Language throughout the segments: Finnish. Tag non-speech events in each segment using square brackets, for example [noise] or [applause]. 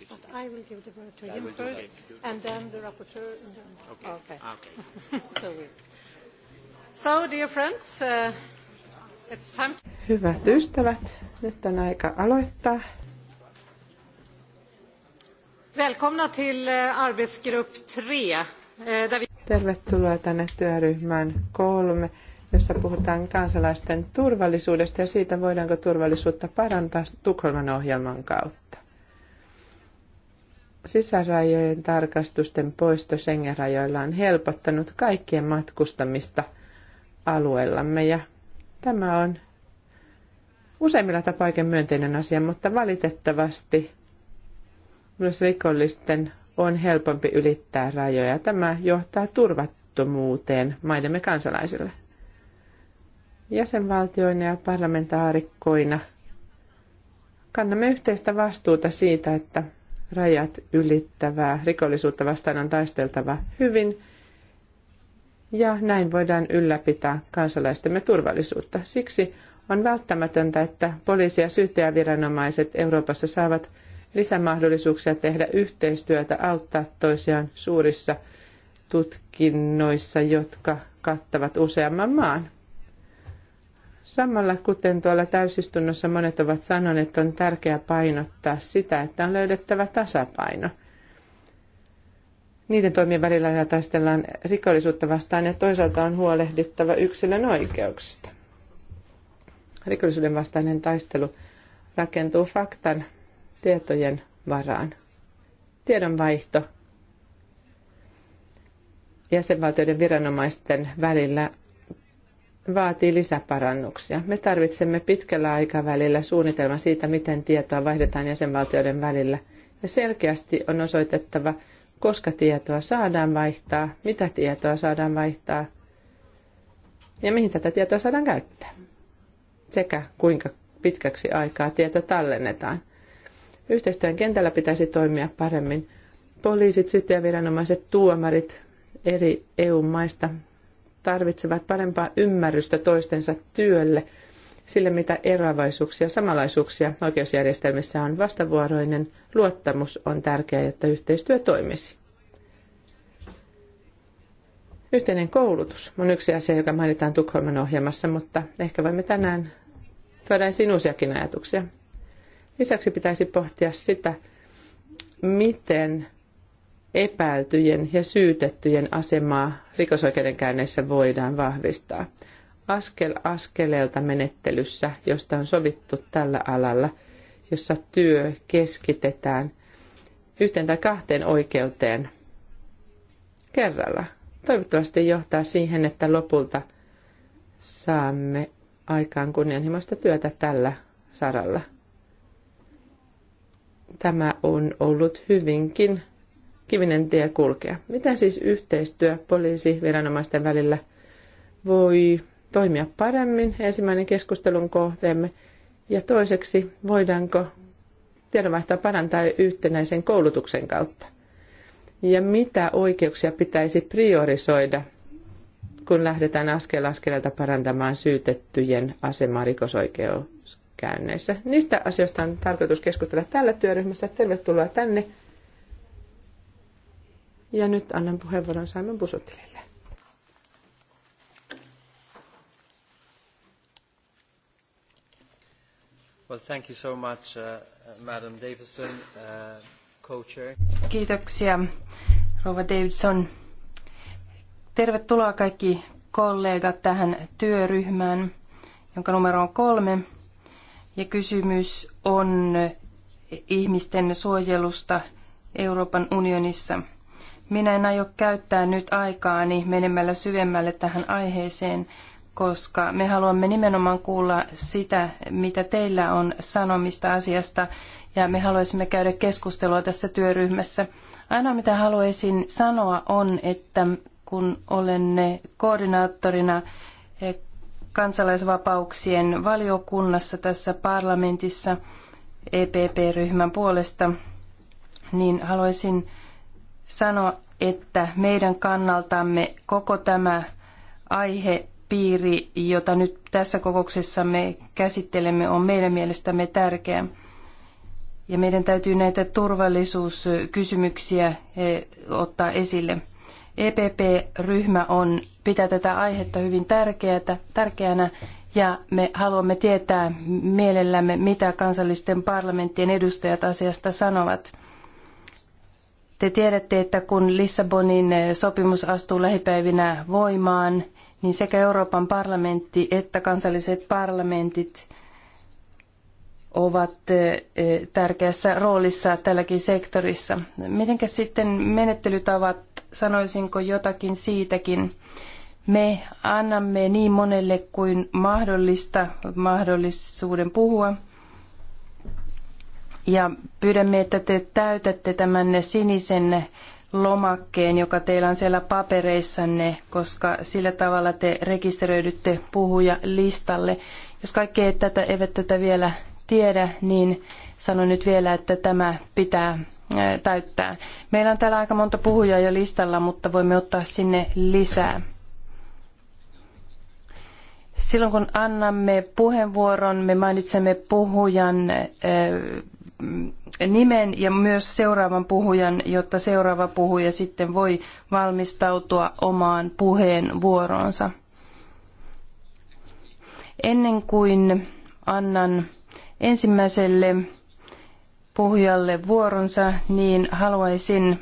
respond. I will give the word to you first, and then the rapporteur. Okay. okay. [laughs] so, we... so, dear friends, uh, it's time... Hyvät ystävät, nyt on aika aloittaa. Välkomna till eh, arbetsgrupp 3. Eh, där vi... Tervetuloa tänne työryhmään kolme, jossa puhutaan kansalaisten turvallisuudesta ja siitä, voidaanko turvallisuutta parantaa Tukholman ohjelman kautta sisärajojen tarkastusten poisto Schengen-rajoilla on helpottanut kaikkien matkustamista alueellamme ja tämä on useimmilla tapaa oikein myönteinen asia, mutta valitettavasti myös rikollisten on helpompi ylittää rajoja. Tämä johtaa turvattomuuteen maidemme kansalaisille. Jäsenvaltioina ja parlamentaarikkoina kannamme yhteistä vastuuta siitä, että rajat ylittävää rikollisuutta vastaan on taisteltava hyvin ja näin voidaan ylläpitää kansalaistemme turvallisuutta. Siksi on välttämätöntä, että poliisi- ja syyttäjäviranomaiset Euroopassa saavat lisämahdollisuuksia tehdä yhteistyötä, auttaa toisiaan suurissa tutkinnoissa, jotka kattavat useamman maan. Samalla kuten tuolla täysistunnossa monet ovat sanoneet, on tärkeää painottaa sitä, että on löydettävä tasapaino. Niiden toimien välillä ja taistellaan rikollisuutta vastaan ja toisaalta on huolehdittava yksilön oikeuksista. Rikollisuuden vastainen taistelu rakentuu faktan, tietojen varaan. Tiedonvaihto jäsenvaltioiden viranomaisten välillä vaatii lisäparannuksia. Me tarvitsemme pitkällä aikavälillä suunnitelma siitä, miten tietoa vaihdetaan jäsenvaltioiden välillä. Ja selkeästi on osoitettava, koska tietoa saadaan vaihtaa, mitä tietoa saadaan vaihtaa ja mihin tätä tietoa saadaan käyttää. Sekä kuinka pitkäksi aikaa tieto tallennetaan. Yhteistyön kentällä pitäisi toimia paremmin. Poliisit, syyttäjäviranomaiset, tuomarit eri EU-maista tarvitsevat parempaa ymmärrystä toistensa työlle, sille mitä eroavaisuuksia ja samanlaisuuksia oikeusjärjestelmissä on. Vastavuoroinen luottamus on tärkeää, jotta yhteistyö toimisi. Yhteinen koulutus on yksi asia, joka mainitaan Tukholman ohjelmassa, mutta ehkä voimme tänään tuoda esiin uusiakin ajatuksia. Lisäksi pitäisi pohtia sitä, miten epäiltyjen ja syytettyjen asemaa rikosoikeudenkäynneissä voidaan vahvistaa. Askel askeleelta menettelyssä, josta on sovittu tällä alalla, jossa työ keskitetään yhteen tai kahteen oikeuteen kerralla. Toivottavasti johtaa siihen, että lopulta saamme aikaan kunnianhimoista työtä tällä saralla. Tämä on ollut hyvinkin kivinen tie kulkea. Mitä siis yhteistyö poliisi viranomaisten välillä voi toimia paremmin, ensimmäinen keskustelun kohteemme, ja toiseksi voidaanko tiedonvaihtoa parantaa yhtenäisen koulutuksen kautta. Ja mitä oikeuksia pitäisi priorisoida, kun lähdetään askel askeleelta parantamaan syytettyjen asemaa rikosoikeuskäynneissä. Niistä asioista on tarkoitus keskustella tällä työryhmässä. Tervetuloa tänne ja nyt annan puheenvuoron Saimen Busutilille. Well, thank you so much, uh, Madam Davison, uh, co-chair. Kiitoksia, Rova Davidson. Tervetuloa kaikki kollegat tähän työryhmään, jonka numero on kolme. Ja kysymys on ihmisten suojelusta Euroopan unionissa – minä en aio käyttää nyt aikaani menemällä syvemmälle tähän aiheeseen, koska me haluamme nimenomaan kuulla sitä, mitä teillä on sanomista asiasta, ja me haluaisimme käydä keskustelua tässä työryhmässä. Aina mitä haluaisin sanoa on, että kun olen koordinaattorina eh, kansalaisvapauksien valiokunnassa tässä parlamentissa EPP-ryhmän puolesta, niin haluaisin sanoa, että meidän kannaltamme koko tämä aihepiiri, jota nyt tässä kokouksessa me käsittelemme, on meidän mielestämme tärkeä. Ja meidän täytyy näitä turvallisuuskysymyksiä eh, ottaa esille. EPP-ryhmä on, pitää tätä aihetta hyvin tärkeätä, tärkeänä ja me haluamme tietää mielellämme, mitä kansallisten parlamenttien edustajat asiasta sanovat. Te tiedätte, että kun Lissabonin sopimus astuu lähipäivinä voimaan, niin sekä Euroopan parlamentti että kansalliset parlamentit ovat eh, tärkeässä roolissa tälläkin sektorissa. Mitenkä sitten menettelytavat, sanoisinko jotakin siitäkin? Me annamme niin monelle kuin mahdollista mahdollisuuden puhua – ja pyydämme, että te täytätte tämän sinisen lomakkeen, joka teillä on siellä papereissanne, koska sillä tavalla te rekisteröidytte puhuja listalle. Jos kaikki ei tätä, eivät tätä vielä tiedä, niin sanon nyt vielä, että tämä pitää täyttää. Meillä on täällä aika monta puhujaa jo listalla, mutta voimme ottaa sinne lisää. Silloin kun annamme puheenvuoron, me mainitsemme puhujan Mm, nimen ja myös seuraavan puhujan, jotta seuraava puhuja sitten voi valmistautua omaan puheenvuoroonsa. Ennen kuin annan ensimmäiselle puhujalle vuoronsa, niin haluaisin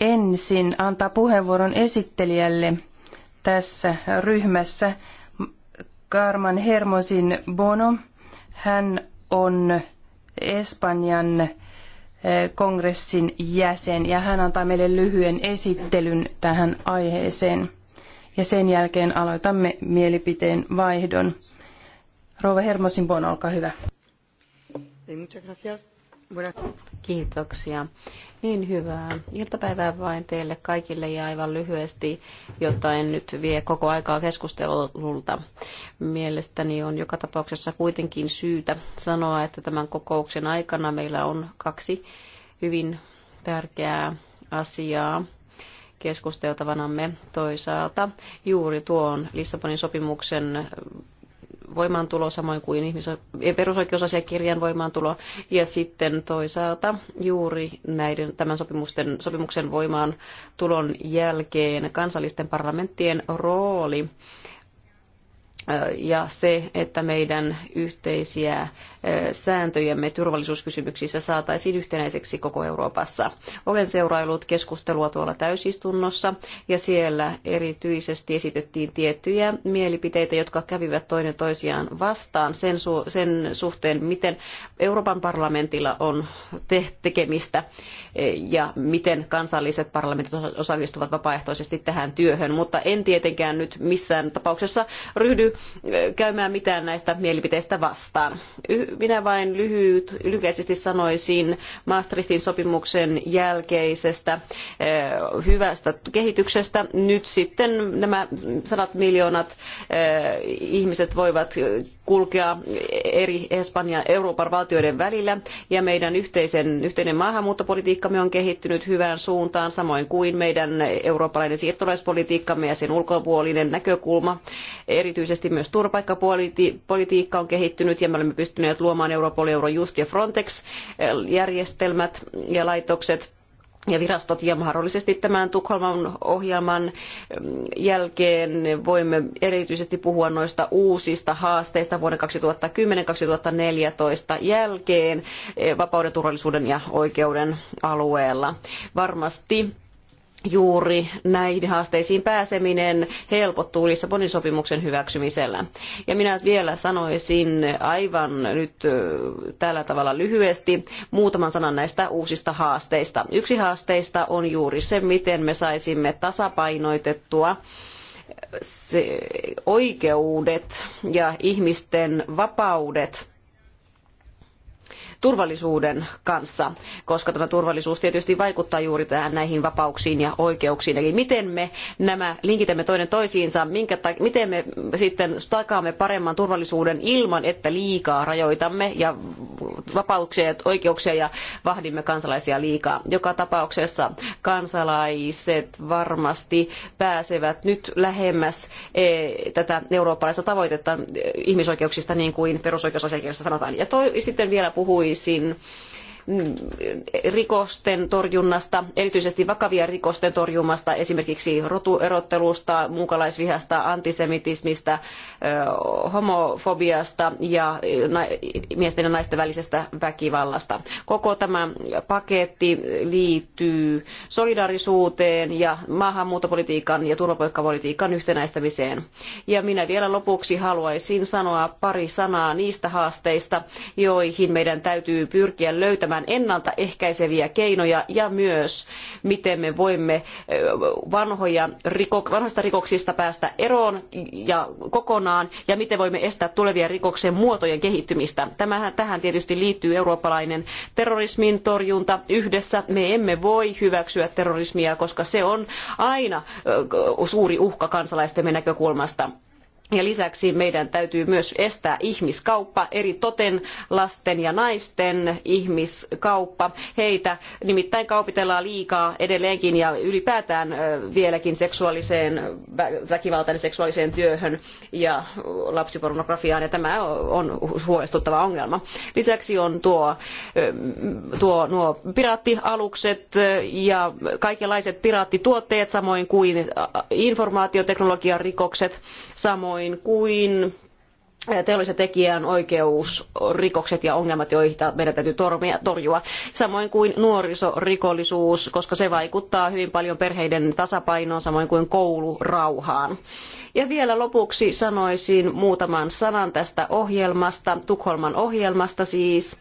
ensin antaa puheenvuoron esittelijälle tässä ryhmässä, Karman Hermosin Bono. Hän on Espanjan eh, kongressin jäsen ja hän antaa meille lyhyen esittelyn tähän aiheeseen. Ja sen jälkeen aloitamme mielipiteen vaihdon. Rouva Hermosin olkaa hyvä. Kiitoksia. Niin hyvää iltapäivää vain teille kaikille ja aivan lyhyesti, jotta en nyt vie koko aikaa keskustelulta. Mielestäni on joka tapauksessa kuitenkin syytä sanoa, että tämän kokouksen aikana meillä on kaksi hyvin tärkeää asiaa keskusteltavanamme toisaalta juuri tuon Lissabonin sopimuksen voimaantulo samoin kuin ihmiso- perusoikeusasiakirjan voimaantulo ja sitten toisaalta juuri näiden tämän sopimusten, sopimuksen voimaantulon jälkeen kansallisten parlamenttien rooli ja se, että meidän yhteisiä sääntöjemme turvallisuuskysymyksissä saataisiin yhtenäiseksi koko Euroopassa. Olen seuraillut keskustelua tuolla täysistunnossa ja siellä erityisesti esitettiin tiettyjä mielipiteitä, jotka kävivät toinen toisiaan vastaan sen, su- sen suhteen, miten Euroopan parlamentilla on te- tekemistä ja miten kansalliset parlamentit osallistuvat vapaaehtoisesti tähän työhön, mutta en tietenkään nyt missään tapauksessa ryhdy käymään mitään näistä mielipiteistä vastaan. Minä vain lyhyt, sanoisin Maastrichtin sopimuksen jälkeisestä eh, hyvästä kehityksestä. Nyt sitten nämä sadat miljoonat eh, ihmiset voivat kulkea eri Espanjan Euroopan valtioiden välillä ja meidän yhteisen, yhteinen maahanmuuttopolitiikkamme on kehittynyt hyvään suuntaan samoin kuin meidän eurooppalainen siirtolaispolitiikkamme ja sen ulkopuolinen näkökulma. Erityisesti myös turvapaikkapolitiikka on kehittynyt ja me olemme pystyneet pyrkivät luomaan Europol, Eurojust ja Frontex-järjestelmät eh, ja laitokset ja virastot ja mahdollisesti tämän Tukholman ohjelman mm, jälkeen voimme erityisesti puhua noista uusista haasteista vuoden 2010-2014 jälkeen eh, vapauden, turvallisuuden ja oikeuden alueella. Varmasti juuri näihin haasteisiin pääseminen helpottuu Lissabonin sopimuksen hyväksymisellä. Ja minä vielä sanoisin aivan nyt tällä tavalla lyhyesti muutaman sanan näistä uusista haasteista. Yksi haasteista on juuri se, miten me saisimme tasapainoitettua oikeudet ja ihmisten vapaudet turvallisuuden kanssa, koska tämä turvallisuus tietysti vaikuttaa juuri tähän näihin vapauksiin ja oikeuksiin. Eli miten me nämä linkitämme toinen toisiinsa, minkä, miten me sitten takaamme paremman turvallisuuden ilman, että liikaa rajoitamme ja vapauksia ja oikeuksia ja vahdimme kansalaisia liikaa. Joka tapauksessa kansalaiset varmasti pääsevät nyt lähemmäs e, tätä eurooppalaista tavoitetta ihmisoikeuksista, niin kuin perusoikeusasiakirjassa sanotaan. Ja toi, sitten vielä puhui voisin Mm, rikosten torjunnasta, erityisesti vakavia rikosten torjumasta, esimerkiksi rotuerottelusta, muukalaisvihasta, antisemitismistä, homofobiasta ja miesten ja naisten välisestä väkivallasta. Koko tämä paketti liittyy solidaarisuuteen ja maahanmuuttopolitiikan ja turvapaikkapolitiikan yhtenäistämiseen. Ja minä vielä lopuksi haluaisin sanoa pari sanaa niistä haasteista, joihin meidän täytyy pyrkiä löytämään enemmän ennaltaehkäiseviä keinoja ja myös miten me voimme vanhoista rikoksista päästä eroon ja kokonaan ja miten voimme estää tulevien rikoksen muotojen kehittymistä. tähän tietysti liittyy eurooppalainen terrorismin torjunta yhdessä. Me emme voi hyväksyä terrorismia, koska se on aina suuri uhka kansalaistemme näkökulmasta ja lisäksi meidän täytyy myös estää ihmiskauppa, eri toten lasten ja naisten ihmiskauppa. Heitä nimittäin kaupitellaan liikaa edelleenkin ja ylipäätään vieläkin seksuaaliseen, väkivaltainen seksuaaliseen työhön ja lapsipornografiaan. Ja tämä on huolestuttava ongelma. Lisäksi on tuo, tuo nuo piraattialukset ja kaikenlaiset piraattituotteet, samoin kuin informaatioteknologian rikokset, samoin samoin kuin teollisen tekijän oikeusrikokset ja ongelmat, joita meidän täytyy torjua. Samoin kuin nuorisorikollisuus, koska se vaikuttaa hyvin paljon perheiden tasapainoon, samoin kuin koulurauhaan. Ja vielä lopuksi sanoisin muutaman sanan tästä ohjelmasta, Tukholman ohjelmasta siis.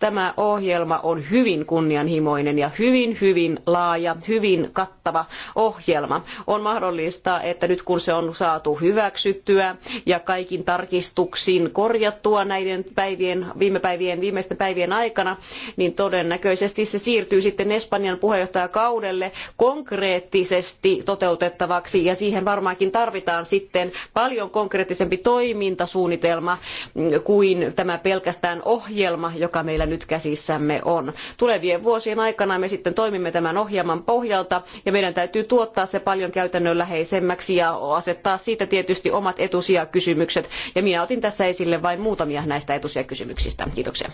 Tämä ohjelma on hyvin kunnianhimoinen ja hyvin, hyvin laaja, hyvin kattava ohjelma. On mahdollista, että nyt kun se on saatu hyväksyttyä ja kaikin tarkistuksin korjattua näiden päivien, viime päivien, viimeisten päivien aikana, niin todennäköisesti se siirtyy sitten Espanjan puheenjohtajakaudelle konkreettisesti toteutettavaksi ja siihen varmaankin tarvitaan sitten paljon konkreettisempi toimintasuunnitelma kuin tämä pelkästään ohjelma, joka meillä nyt käsissämme on. Tulevien vuosien aikana me sitten toimimme tämän ohjelman pohjalta ja meidän täytyy tuottaa se paljon käytännönläheisemmäksi ja asettaa siitä tietysti omat etusijakysymykset. Ja minä otin tässä esille vain muutamia näistä etusijakysymyksistä. Kiitoksia.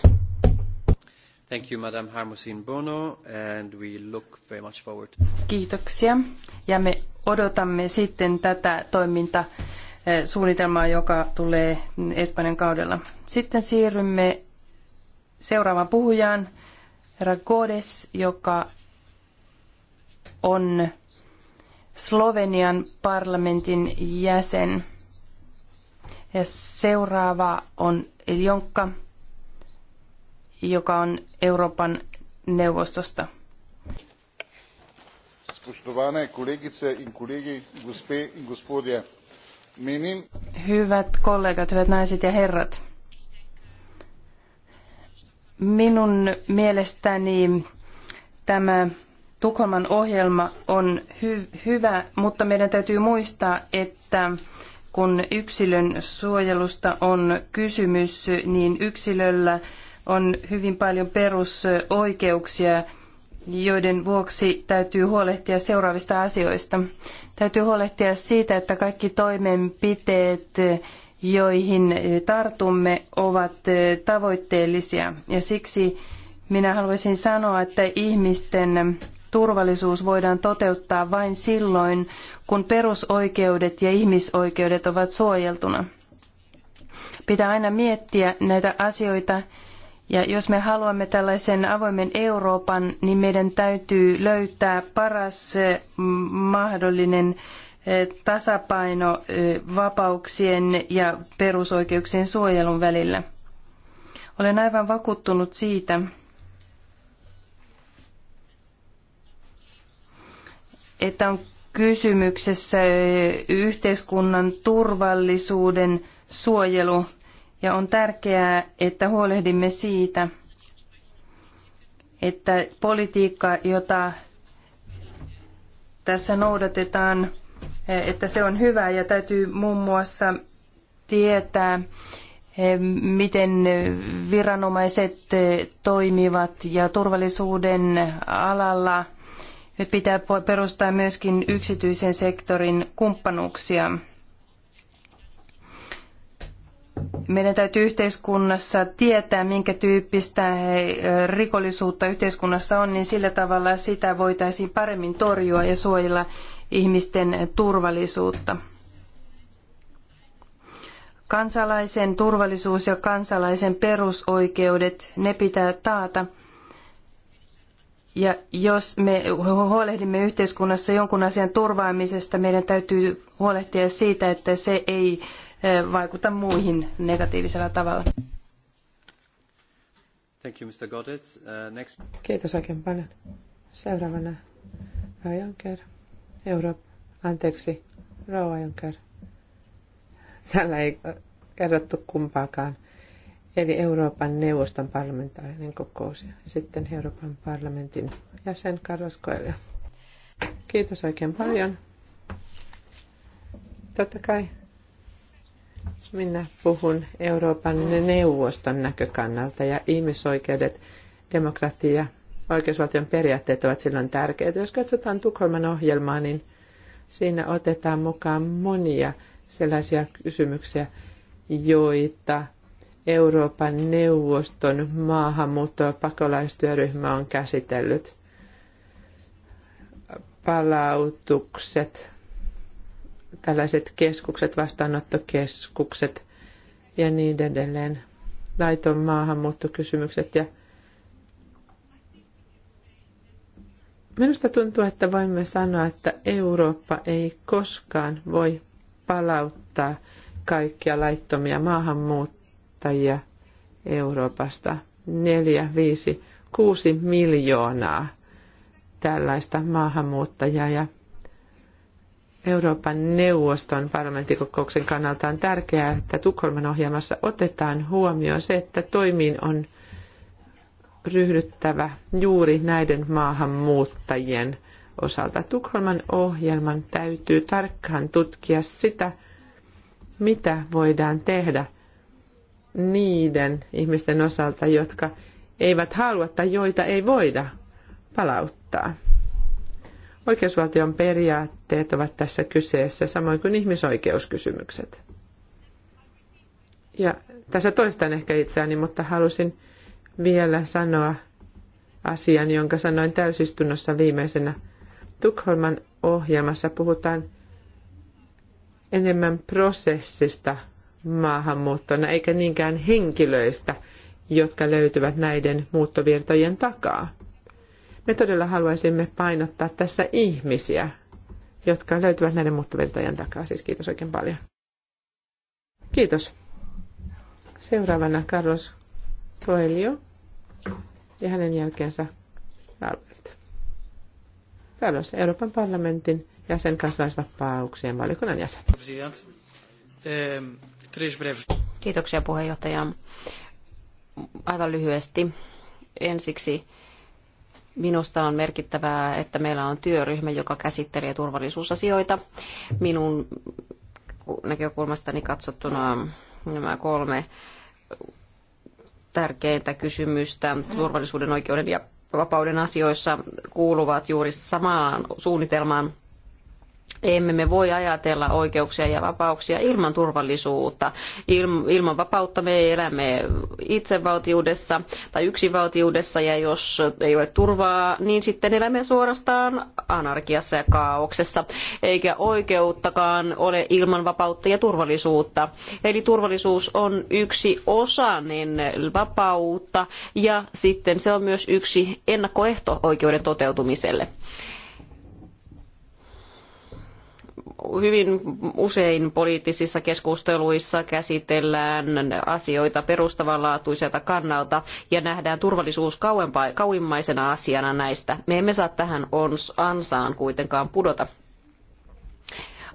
Thank you, Madam Bono, and we look very much forward. Kiitoksia. Ja me odotamme sitten tätä toimintasuunnitelmaa, suunnitelmaa, joka tulee Espanjan kaudella. Sitten siirrymme seuraavaan puhujaan, herra Godes, joka on Slovenian parlamentin jäsen. Ja seuraava on Iljonka, joka on Euroopan neuvostosta. Spoštovane kolegice in kolegi, gospe in gospodje, menim... Hyvät kollegat, hyvät naiset ja herrat. Minun mielestäni tämä Tukholman ohjelma on hy- hyvä, mutta meidän täytyy muistaa, että kun yksilön suojelusta on kysymys, niin yksilöllä on hyvin paljon perusoikeuksia, joiden vuoksi täytyy huolehtia seuraavista asioista. Täytyy huolehtia siitä, että kaikki toimenpiteet, joihin tartumme, ovat tavoitteellisia. Ja siksi minä haluaisin sanoa, että ihmisten turvallisuus voidaan toteuttaa vain silloin, kun perusoikeudet ja ihmisoikeudet ovat suojeltuna. Pitää aina miettiä näitä asioita ja jos me haluamme tällaisen avoimen Euroopan, niin meidän täytyy löytää paras mahdollinen tasapaino vapauksien ja perusoikeuksien suojelun välillä. Olen aivan vakuuttunut siitä, että on kysymyksessä yhteiskunnan turvallisuuden suojelu ja on tärkeää, että huolehdimme siitä, että politiikka, jota tässä noudatetaan, että se on hyvä ja täytyy muun muassa tietää, eh, miten viranomaiset eh, toimivat ja turvallisuuden alalla pitää perustaa myöskin yksityisen sektorin kumppanuuksia. Meidän täytyy yhteiskunnassa tietää, minkä tyyppistä eh, rikollisuutta yhteiskunnassa on, niin sillä tavalla sitä voitaisiin paremmin torjua ja suojella ihmisten turvallisuutta. Kansalaisen turvallisuus ja kansalaisen perusoikeudet, ne pitää taata. Ja jos me huolehdimme yhteiskunnassa jonkun asian turvaamisesta, meidän täytyy huolehtia siitä, että se ei eh, vaikuta muihin negatiivisella tavalla. Thank you, Mr. Uh, next... Kiitos oikein paljon. Seuraavana Euroop, anteeksi, Rauha Juncker. Täällä ei kerrottu kumpaakaan. Eli Euroopan neuvoston parlamentaarinen kokous ja sitten Euroopan parlamentin jäsen Carlos Coelho. Kiitos oikein paljon. Totta kai minä puhun Euroopan neuvoston näkökannalta ja ihmisoikeudet, demokratia oikeusvaltion periaatteet ovat silloin tärkeitä. Jos katsotaan Tukholman ohjelmaa, niin siinä otetaan mukaan monia sellaisia kysymyksiä, joita Euroopan neuvoston maahanmuutto- ja pakolaistyöryhmä on käsitellyt. Palautukset, tällaiset keskukset, vastaanottokeskukset ja niin edelleen. Laiton maahanmuuttokysymykset ja Minusta tuntuu, että voimme sanoa, että Eurooppa ei koskaan voi palauttaa kaikkia laittomia maahanmuuttajia Euroopasta. Neljä, viisi, kuusi miljoonaa tällaista maahanmuuttajaa ja Euroopan neuvoston parlamenttikokouksen kannalta on tärkeää, että Tukholman ohjelmassa otetaan huomioon se, että toimiin on ryhdyttävä juuri näiden maahanmuuttajien osalta. Tukholman ohjelman täytyy tarkkaan tutkia sitä, mitä voidaan tehdä niiden ihmisten osalta, jotka eivät halua tai joita ei voida palauttaa. Oikeusvaltion periaatteet ovat tässä kyseessä, samoin kuin ihmisoikeuskysymykset. Ja tässä toistan ehkä itseäni, mutta halusin vielä sanoa asian, jonka sanoin täysistunnossa viimeisenä. Tukholman ohjelmassa puhutaan enemmän prosessista maahanmuuttona, eikä niinkään henkilöistä, jotka löytyvät näiden muuttovirtojen takaa. Me todella haluaisimme painottaa tässä ihmisiä, jotka löytyvät näiden muuttovirtojen takaa. Siis kiitos oikein paljon. Kiitos. Seuraavana Carlos Coelho ja hänen jälkeensä Albert. Carlos, Euroopan parlamentin jäsen kansalaisvapauksien valiokunnan jäsen. Kiitoksia puheenjohtaja. Aivan lyhyesti. Ensiksi Minusta on merkittävää, että meillä on työryhmä, joka käsittelee turvallisuusasioita. Minun näkökulmastani katsottuna nämä kolme tärkeintä kysymystä turvallisuuden, oikeuden ja vapauden asioissa kuuluvat juuri samaan suunnitelmaan emme me voi ajatella oikeuksia ja vapauksia ilman turvallisuutta. ilman vapautta me elämme itsevaltiudessa tai yksivaltiudessa ja jos ei ole turvaa, niin sitten elämme suorastaan anarkiassa ja kaauksessa. Eikä oikeuttakaan ole ilman vapautta ja turvallisuutta. Eli turvallisuus on yksi osanen niin vapautta ja sitten se on myös yksi ennakkoehto oikeuden toteutumiselle hyvin usein poliittisissa keskusteluissa käsitellään asioita perustavanlaatuiselta kannalta ja nähdään turvallisuus kauimmaisena asiana näistä. Me emme saa tähän ansaan kuitenkaan pudota.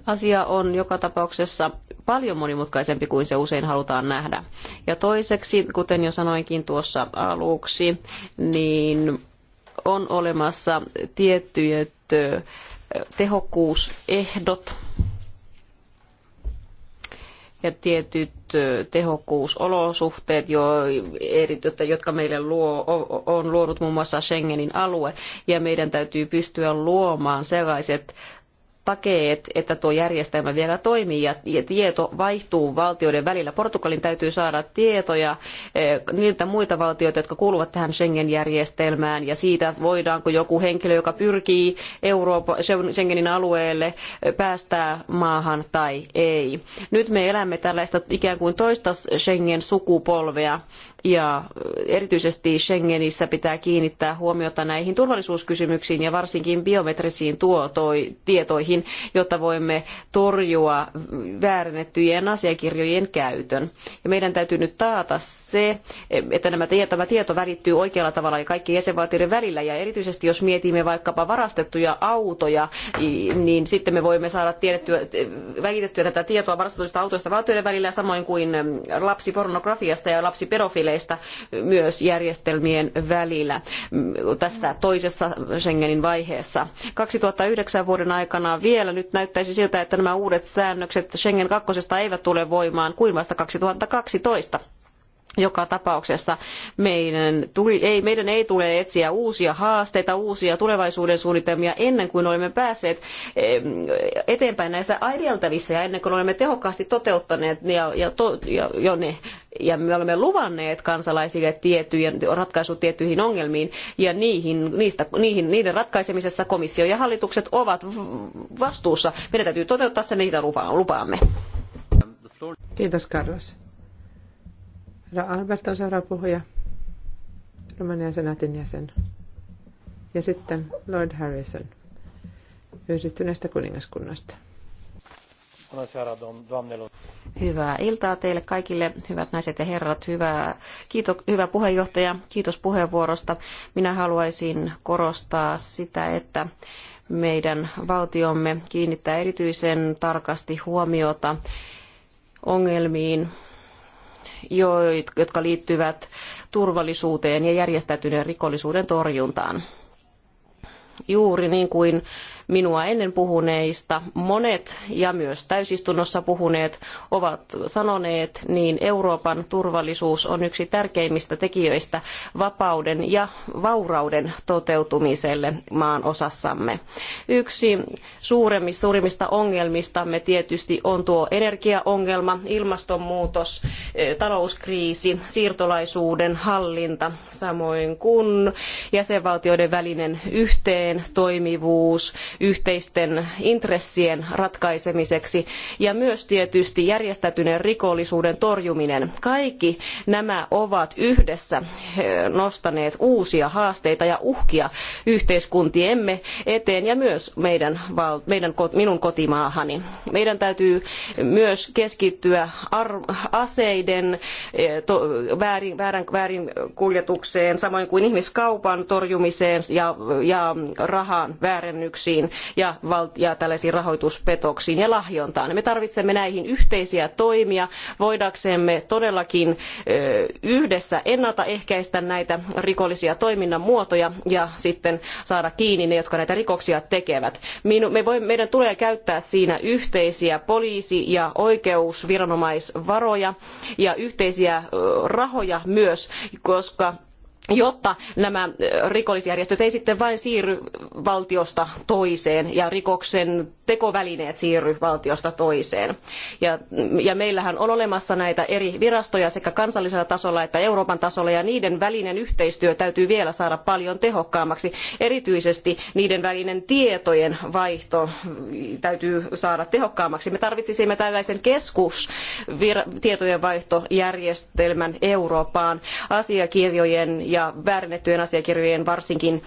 Asia on joka tapauksessa paljon monimutkaisempi kuin se usein halutaan nähdä. Ja toiseksi, kuten jo sanoinkin tuossa aluksi, niin on olemassa tiettyjä tehokkuusehdot ja tietyt tehokkuusolosuhteet, jotka meille luo, on luonut muun muassa Schengenin alue, ja meidän täytyy pystyä luomaan sellaiset takee, että tuo järjestelmä vielä toimii ja tieto vaihtuu valtioiden välillä. Portugalin täytyy saada tietoja eh, niiltä muita valtioita, jotka kuuluvat tähän Schengen-järjestelmään ja siitä voidaanko joku henkilö, joka pyrkii Euroopan, Schengenin alueelle, eh, päästää maahan tai ei. Nyt me elämme tällaista ikään kuin toista Schengen-sukupolvea ja eh, erityisesti Schengenissä pitää kiinnittää huomiota näihin turvallisuuskysymyksiin ja varsinkin biometrisiin tuotoi, tietoihin asioihin, jotta voimme torjua väärennettyjen asiakirjojen käytön. Ja meidän täytyy nyt taata se, että nämä, tämä tieto välittyy oikealla tavalla ja kaikkien jäsenvaltioiden välillä. Ja erityisesti jos mietimme vaikkapa varastettuja autoja, niin sitten me voimme saada tiedettyä, välitettyä tätä tietoa varastetuista autoista valtioiden välillä, samoin kuin lapsipornografiasta ja lapsipedofileista myös järjestelmien välillä tässä toisessa Schengenin vaiheessa. 2009 vuoden aikana vielä nyt näyttäisi siltä, että nämä uudet säännökset Schengen kakkosesta eivät tule voimaan kuin vasta 2012 joka tapauksessa meidän, tuli, ei, meidän ei tule etsiä uusia haasteita, uusia tulevaisuuden suunnitelmia ennen kuin olemme päässeet eteenpäin näissä aideltavissa ja ennen kuin olemme tehokkaasti toteuttaneet ja, ja, to, ja, jo ne ja me olemme luvanneet kansalaisille tiettyjä, ratkaisut tiettyihin ongelmiin ja niihin, niistä, niihin, niiden ratkaisemisessa komissio ja hallitukset ovat vastuussa. Meidän täytyy toteuttaa se, mitä lupaamme. Kiitos Carlos. Herra Albert on seuraava puhuja, Romanian senaatin jäsen. Ja sitten Lord Harrison yhdistyneestä kuningaskunnasta. Bună seara, doamnelor. Hyvää iltaa teille kaikille, hyvät naiset ja herrat. Hyvä, kiito, hyvä puheenjohtaja, kiitos puheenvuorosta. Minä haluaisin korostaa sitä, että meidän valtiomme kiinnittää erityisen tarkasti huomiota ongelmiin, jotka liittyvät turvallisuuteen ja järjestäytyneen rikollisuuden torjuntaan. Juuri niin kuin minua ennen puhuneista, monet ja myös täysistunnossa puhuneet ovat sanoneet, niin Euroopan turvallisuus on yksi tärkeimmistä tekijöistä vapauden ja vaurauden toteutumiselle maan osassamme. Yksi suuremmista, suurimmista ongelmistamme tietysti on tuo energiaongelma, ilmastonmuutos, eh, talouskriisi, siirtolaisuuden hallinta, samoin kuin jäsenvaltioiden välinen yhteen toimivuus yhteisten intressien ratkaisemiseksi ja myös tietysti järjestäytyneen rikollisuuden torjuminen. Kaikki nämä ovat yhdessä nostaneet uusia haasteita ja uhkia yhteiskuntiemme eteen ja myös meidän, meidän minun kotimaahani. Meidän täytyy myös keskittyä aseiden e, väärin, väärän, väärin kuljetukseen samoin kuin ihmiskaupan torjumiseen ja, ja rahan väärennyksiin rikoksiin ja, val- ja tällaisiin rahoituspetoksiin ja lahjontaan. Me tarvitsemme näihin yhteisiä toimia voidaksemme todellakin yhdessä ennaltaehkäistä näitä rikollisia toiminnan muotoja ja sitten saada kiinni ne, jotka näitä rikoksia tekevät. me voimme, meidän tulee käyttää siinä yhteisiä poliisi- ja oikeusviranomaisvaroja ja yhteisiä rahoja myös, koska jotta nämä rikollisjärjestöt ei sitten vain siirry valtiosta toiseen ja rikoksen tekovälineet siirry valtiosta toiseen. Ja, ja meillähän on olemassa näitä eri virastoja sekä kansallisella tasolla että Euroopan tasolla ja niiden välinen yhteistyö täytyy vielä saada paljon tehokkaammaksi. Erityisesti niiden välinen tietojen vaihto täytyy saada tehokkaammaksi. Me tarvitsisimme tällaisen keskus vaihtojärjestelmän Eurooppaan asiakirjojen ja väärennettyjen asiakirjojen varsinkin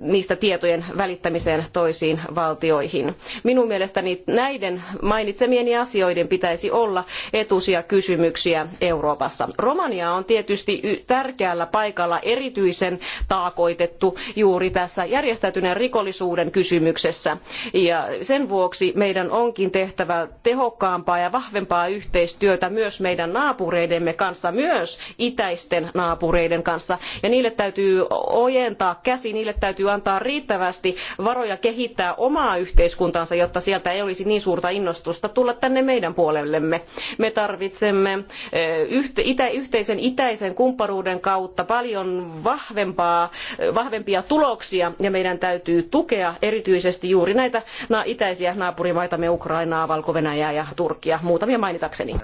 niistä tietojen välittämiseen toisiin valtioihin. Minun mielestäni näiden mainitsemieni asioiden pitäisi olla etusia kysymyksiä Euroopassa. Romania on tietysti tärkeällä paikalla erityisen taakoitettu juuri tässä järjestäytyneen rikollisuuden kysymyksessä ja sen vuoksi meidän onkin tehtävä tehokkaampaa ja vahvempaa yhteistyötä myös meidän naapureidemme kanssa, myös itäisten naapureiden kanssa, ja niille täytyy ojentaa käsi, niille täytyy antaa riittävästi varoja kehittää omaa yhteiskuntaansa, jotta sieltä ei olisi niin suurta innostusta tulla tänne meidän puolellemme. Me tarvitsemme eh, yhteisen itäisen kumppanuuden kautta paljon vahvempaa, eh, vahvempia tuloksia ja meidän täytyy tukea erityisesti juuri näitä itäisiä naapurimaitamme Ukrainaa, valko ja Turkia, muutamia mainitakseni.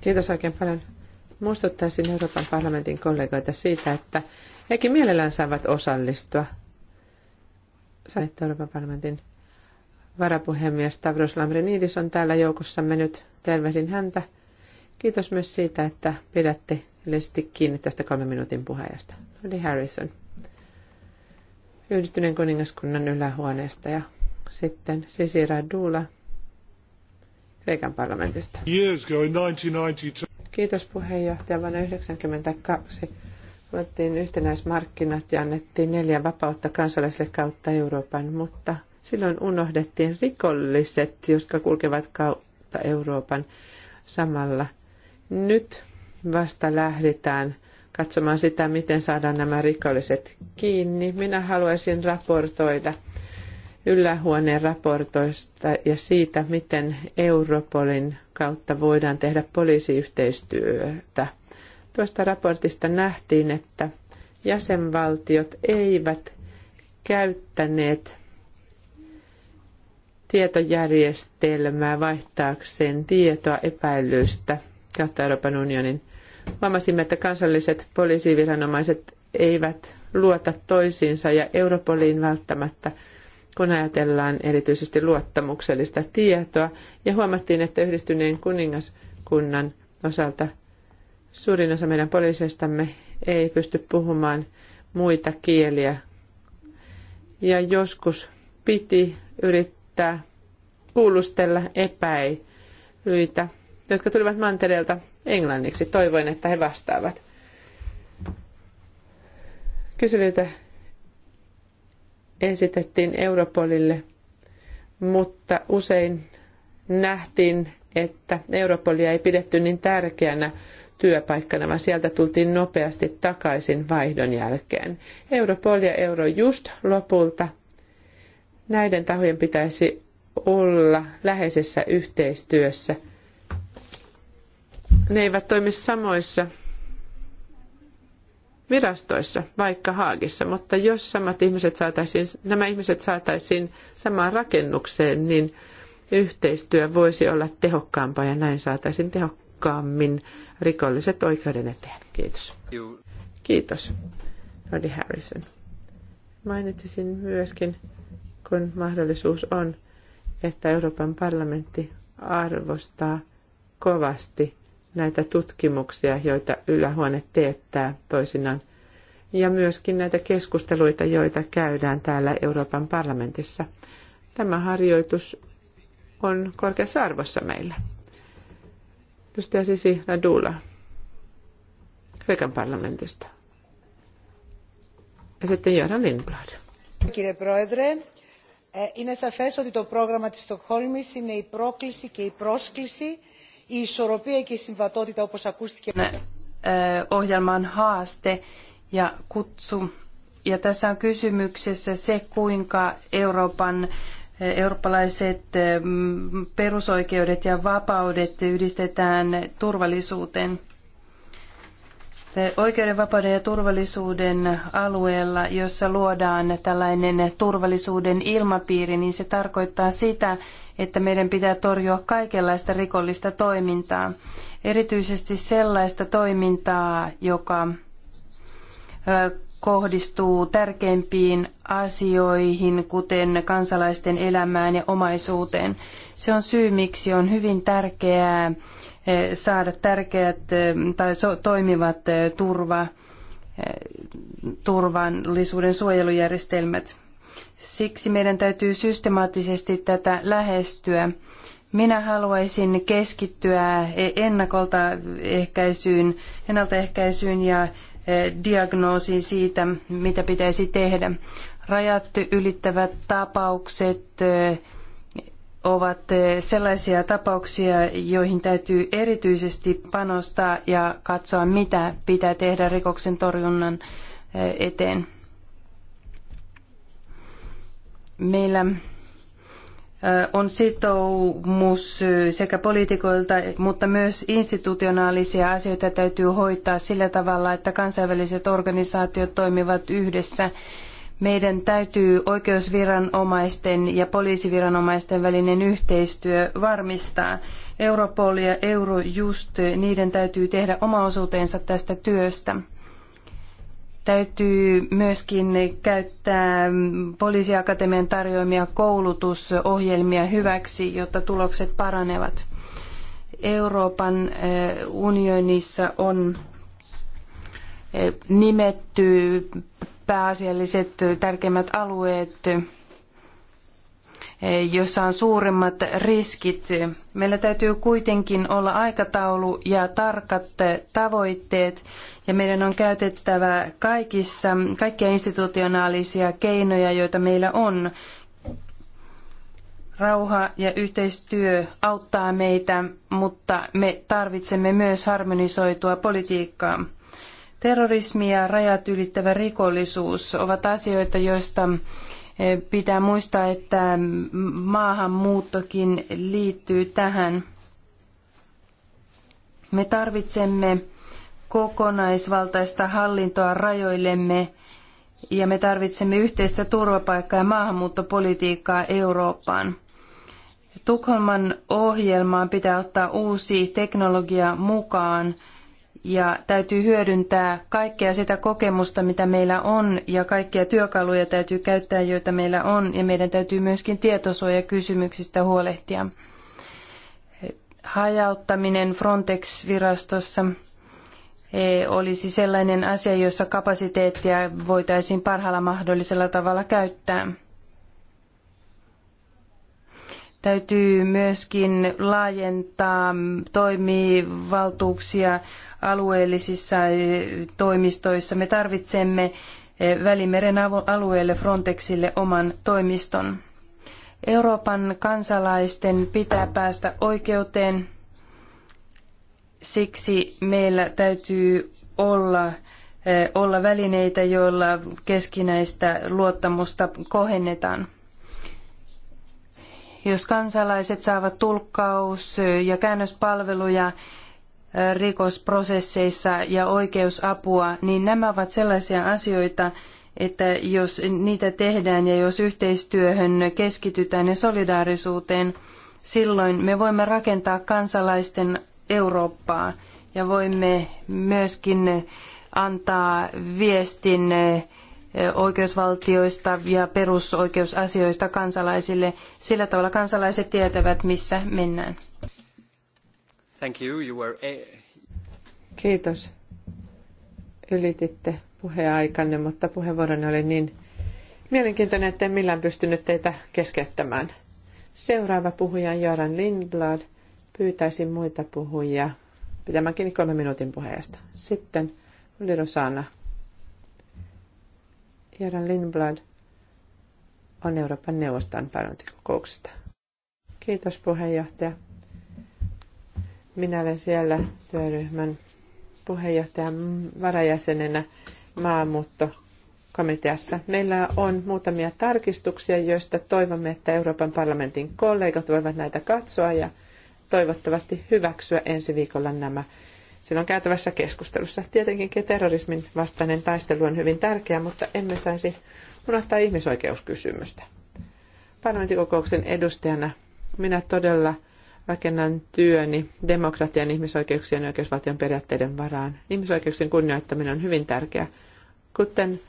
Kiitos oikein paljon. Muistuttaisin Euroopan parlamentin kollegoita siitä, että hekin mielellään saavat osallistua. Saitte Euroopan parlamentin varapuhemies Tavros Lamrinidis on täällä joukossamme nyt. Tervehdin häntä. Kiitos myös siitä, että pidätte yleisesti kiinni tästä kolmen minuutin puheesta. Oli Harrison. Yhdistyneen kuningaskunnan ylähuoneesta ja sitten Sisi Radula Kreikan parlamentista. Years ago, in 1992. Kiitos puheenjohtaja. Vuonna 1992 Luettiin yhtenäismarkkinat ja annettiin neljä vapautta kansalaisille kautta Euroopan, mutta silloin unohdettiin rikolliset, jotka kulkevat kautta Euroopan samalla. Nyt vasta lähdetään katsomaan sitä, miten saadaan nämä rikolliset kiinni. Minä haluaisin raportoida ylähuoneen raportoista ja siitä, miten Europolin kautta voidaan tehdä poliisiyhteistyötä. Tuosta raportista nähtiin, että jäsenvaltiot eivät käyttäneet tietojärjestelmää vaihtaakseen tietoa epäilyistä kautta Euroopan unionin. Huomasimme, että kansalliset poliisiviranomaiset eivät luota toisiinsa ja Europoliin välttämättä – kun ajatellaan erityisesti luottamuksellista tietoa, ja huomattiin, että yhdistyneen kuningaskunnan osalta suurin osa meidän poliiseistamme ei pysty puhumaan muita kieliä. Ja joskus piti yrittää kuulustella epäilyitä, jotka tulivat mantereelta englanniksi. Toivoin, että he vastaavat. Kyselyitä esitettiin Europolille, mutta usein nähtiin, että Europolia ei pidetty niin tärkeänä työpaikkana, vaan sieltä tultiin nopeasti takaisin vaihdon jälkeen. Europol ja Eurojust lopulta. Näiden tahojen pitäisi olla läheisessä yhteistyössä. Ne eivät toimi samoissa virastoissa, vaikka Haagissa, mutta jos samat ihmiset saataisiin, nämä ihmiset saataisiin samaan rakennukseen, niin yhteistyö voisi olla tehokkaampaa ja näin saataisiin tehokkaammin rikolliset oikeuden eteen. Kiitos. Kiitos, Roddy Harrison. Mainitsisin myöskin, kun mahdollisuus on, että Euroopan parlamentti arvostaa kovasti näitä tutkimuksia, joita ylähuone teettää toisinaan, ja myöskin näitä keskusteluita, joita käydään täällä Euroopan parlamentissa. Tämä harjoitus on korkeassa arvossa meillä. Edustaja Sisi Radula, Kreikan parlamentista. Ja sitten Göran Lindblad. Κύριε Πρόεδρε, είναι σαφές ότι το πρόγραμμα της Στοκχόλμης είναι η πρόκληση και η πρόσκληση η ισορροπία και η συμβατότητα όπως ακούστηκε. Ohjelman haaste ja kutsu. Ja tässä on kysymyksessä se, kuinka Euroopan e, eurooppalaiset e, perusoikeudet ja vapaudet yhdistetään turvallisuuteen. E, Oikeuden, vapauden ja turvallisuuden alueella, jossa luodaan tällainen turvallisuuden ilmapiiri, niin se tarkoittaa sitä, että meidän pitää torjua kaikenlaista rikollista toimintaa, erityisesti sellaista toimintaa, joka kohdistuu tärkeimpiin asioihin, kuten kansalaisten elämään ja omaisuuteen. Se on syy, miksi on hyvin tärkeää saada tärkeät tai toimivat turva, turvallisuuden suojelujärjestelmät. Siksi meidän täytyy systemaattisesti tätä lähestyä. Minä haluaisin keskittyä e- ennakolta ehkäisyyn, ennaltaehkäisyyn ja e, diagnoosiin siitä, mitä pitäisi tehdä. Rajat ylittävät tapaukset e, ovat sellaisia tapauksia, joihin täytyy erityisesti panostaa ja katsoa, mitä pitää tehdä rikoksen torjunnan eteen. Meillä on sitoumus sekä poliitikoilta, mutta myös institutionaalisia asioita täytyy hoitaa sillä tavalla, että kansainväliset organisaatiot toimivat yhdessä. Meidän täytyy oikeusviranomaisten ja poliisiviranomaisten välinen yhteistyö varmistaa. Europol ja Eurojust, niiden täytyy tehdä oma osuutensa tästä työstä. Täytyy myöskin käyttää poliisiakatemian tarjoamia koulutusohjelmia hyväksi, jotta tulokset paranevat. Euroopan eh, unionissa on eh, nimetty pääasialliset tärkeimmät alueet Eh, jossa on suurimmat riskit. Meillä täytyy kuitenkin olla aikataulu ja tarkat tavoitteet ja meidän on käytettävä kaikissa, kaikkia institutionaalisia keinoja, joita meillä on. Rauha ja yhteistyö auttaa meitä, mutta me tarvitsemme myös harmonisoitua politiikkaa. Terrorismi ja rajat ylittävä rikollisuus ovat asioita, joista Pitää muistaa, että maahanmuuttokin liittyy tähän. Me tarvitsemme kokonaisvaltaista hallintoa rajoillemme ja me tarvitsemme yhteistä turvapaikkaa ja maahanmuuttopolitiikkaa Eurooppaan. Tukholman ohjelmaan pitää ottaa uusi teknologia mukaan ja täytyy hyödyntää kaikkea sitä kokemusta, mitä meillä on ja kaikkia työkaluja täytyy käyttää, joita meillä on ja meidän täytyy myöskin tietosuojakysymyksistä huolehtia. Hajauttaminen Frontex-virastossa e, olisi sellainen asia, jossa kapasiteettia voitaisiin parhaalla mahdollisella tavalla käyttää. Täytyy myöskin laajentaa toimivaltuuksia alueellisissa toimistoissa. Me tarvitsemme eh, Välimeren alueelle Frontexille oman toimiston. Euroopan kansalaisten pitää päästä oikeuteen. Siksi meillä täytyy olla, eh, olla välineitä, joilla keskinäistä luottamusta kohennetaan. Jos kansalaiset saavat tulkkaus- ja käännöspalveluja äh, rikosprosesseissa ja oikeusapua, niin nämä ovat sellaisia asioita, että jos niitä tehdään ja jos yhteistyöhön keskitytään ja solidaarisuuteen, silloin me voimme rakentaa kansalaisten Eurooppaa ja voimme myöskin antaa viestin oikeusvaltioista ja perusoikeusasioista kansalaisille. Sillä tavalla kansalaiset tietävät, missä mennään. Thank you. You were a... Kiitos. Ylititte puheaikanne, mutta puheenvuoroni oli niin mielenkiintoinen, että en millään pystynyt teitä keskeyttämään. Seuraava puhuja on Joran Lindblad. Pyytäisin muita puhujia pitämään kiinni kolmen minuutin puheesta. Sitten Lirosaana Göran Lindblad on Euroopan neuvoston parlamenttikokouksesta. Kiitos puheenjohtaja. Minä olen siellä työryhmän puheenjohtajan varajäsenenä maahanmuuttokomiteassa. Meillä on muutamia tarkistuksia, joista toivomme, että Euroopan parlamentin kollegat voivat näitä katsoa ja toivottavasti hyväksyä ensi viikolla nämä silloin käytävässä keskustelussa. Tietenkin terrorismin vastainen taistelu on hyvin tärkeä, mutta emme saisi unohtaa ihmisoikeuskysymystä. Parlamenttikokouksen edustajana minä todella rakennan työni demokratian, ihmisoikeuksien ja oikeusvaltion periaatteiden varaan. Ihmisoikeuksien kunnioittaminen on hyvin tärkeää. Kuten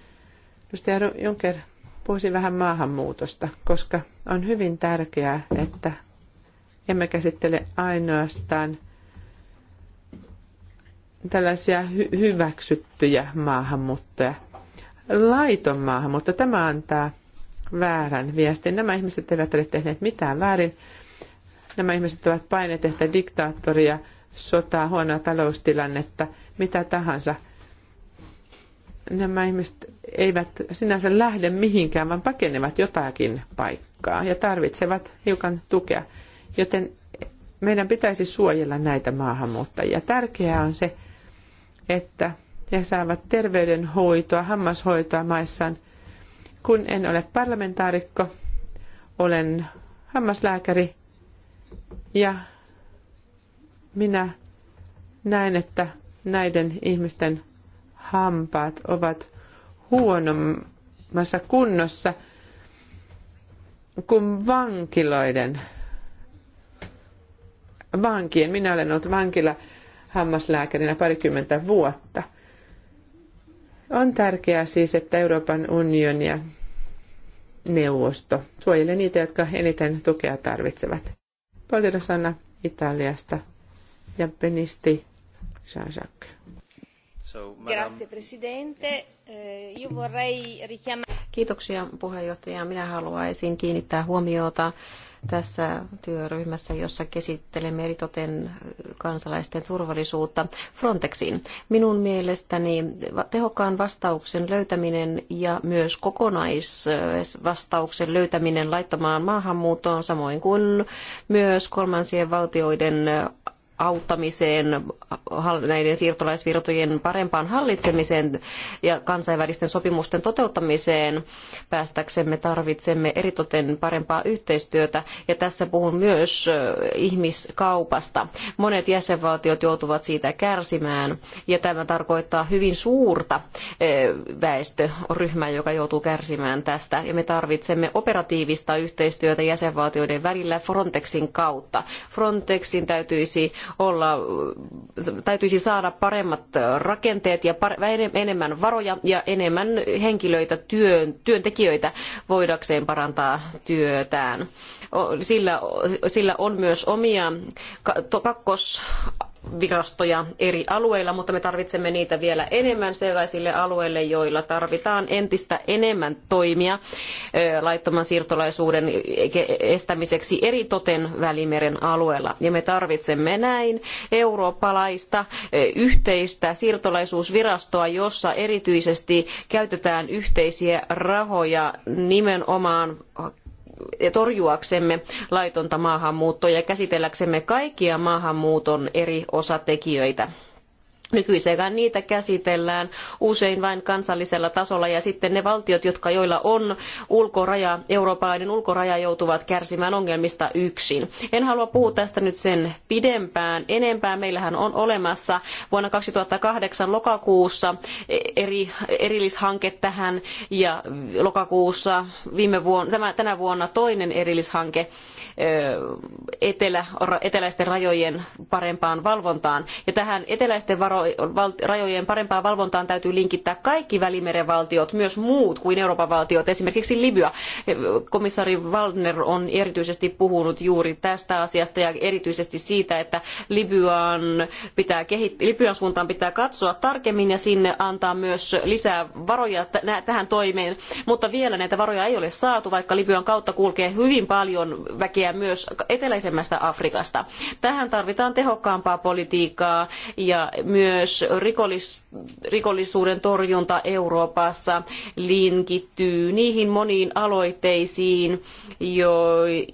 edustaja Juncker puhuisi vähän maahanmuutosta, koska on hyvin tärkeää, että emme käsittele ainoastaan tällaisia hy- hyväksyttyjä maahanmuuttajia. Laiton maahanmuutto, tämä antaa väärän viestin. Nämä ihmiset eivät ole tehneet mitään väärin. Nämä ihmiset ovat paineet ehkä diktaattoria, sotaa, huonoa taloustilannetta, mitä tahansa. Nämä ihmiset eivät sinänsä lähde mihinkään, vaan pakenevat jotakin paikkaa ja tarvitsevat hiukan tukea. Joten meidän pitäisi suojella näitä maahanmuuttajia. Tärkeää on se, että he saavat terveydenhoitoa, hammashoitoa maissaan. Kun en ole parlamentaarikko, olen hammaslääkäri ja minä näen, että näiden ihmisten hampaat ovat huonommassa kunnossa kuin vankiloiden vankien. Minä olen ollut vankila hammaslääkärinä parikymmentä vuotta. On tärkeää siis, että Euroopan unioni ja neuvosto suojelee niitä, jotka eniten tukea tarvitsevat. Polirosana Italiasta ja Benisti Jean-Jacques. So, Grazie Presidente. Eh, io vorrei richiamare... Kiitoksia puheenjohtaja. Minä haluaisin kiinnittää huomiota tässä työryhmässä, jossa käsittelemme eritoten kansalaisten turvallisuutta Frontexin. Minun mielestäni tehokkaan vastauksen löytäminen ja myös kokonaisvastauksen löytäminen laittomaan maahanmuuttoon, samoin kuin myös kolmansien valtioiden auttamiseen, näiden siirtolaisvirtojen parempaan hallitsemiseen ja kansainvälisten sopimusten toteuttamiseen päästäksemme tarvitsemme eritoten parempaa yhteistyötä. Ja tässä puhun myös ihmiskaupasta. Monet jäsenvaltiot joutuvat siitä kärsimään ja tämä tarkoittaa hyvin suurta väestöryhmää, joka joutuu kärsimään tästä. Ja me tarvitsemme operatiivista yhteistyötä jäsenvaltioiden välillä Frontexin kautta. Frontexin täytyisi olla, täytyisi saada paremmat rakenteet ja enemmän varoja ja enemmän henkilöitä, työn, työntekijöitä voidakseen parantaa työtään. Sillä, sillä on myös omia kakkos virastoja eri alueilla, mutta me tarvitsemme niitä vielä enemmän sellaisille alueille, joilla tarvitaan entistä enemmän toimia laittoman siirtolaisuuden estämiseksi eri toten Välimeren alueella. Ja me tarvitsemme näin eurooppalaista yhteistä siirtolaisuusvirastoa, jossa erityisesti käytetään yhteisiä rahoja nimenomaan torjuaksemme laitonta maahanmuuttoa ja käsitelläksemme kaikkia maahanmuuton eri osatekijöitä. Nykyisellään niitä käsitellään usein vain kansallisella tasolla ja sitten ne valtiot, jotka joilla on ulkoraja, eurooppalainen ulkoraja, joutuvat kärsimään ongelmista yksin. En halua puhua tästä nyt sen pidempään. Enempää meillähän on olemassa vuonna 2008 lokakuussa eri, erillishanke tähän ja lokakuussa viime vuonna, tämä, tänä vuonna toinen erillishanke etelä, eteläisten rajojen parempaan valvontaan. Ja tähän eteläisten varo, rajojen parempaan valvontaan täytyy linkittää kaikki Välimeren valtiot, myös muut kuin Euroopan valtiot, esimerkiksi Libya. Komissaari Waldner on erityisesti puhunut juuri tästä asiasta ja erityisesti siitä, että Libyan, pitää kehitt- Libyan suuntaan pitää katsoa tarkemmin ja sinne antaa myös lisää varoja tähän toimeen. Mutta vielä näitä varoja ei ole saatu, vaikka Libyan kautta kulkee hyvin paljon väkeä myös eteläisemmästä Afrikasta. Tähän tarvitaan tehokkaampaa politiikkaa ja myös myös rikollisuuden torjunta Euroopassa linkittyy niihin moniin aloitteisiin,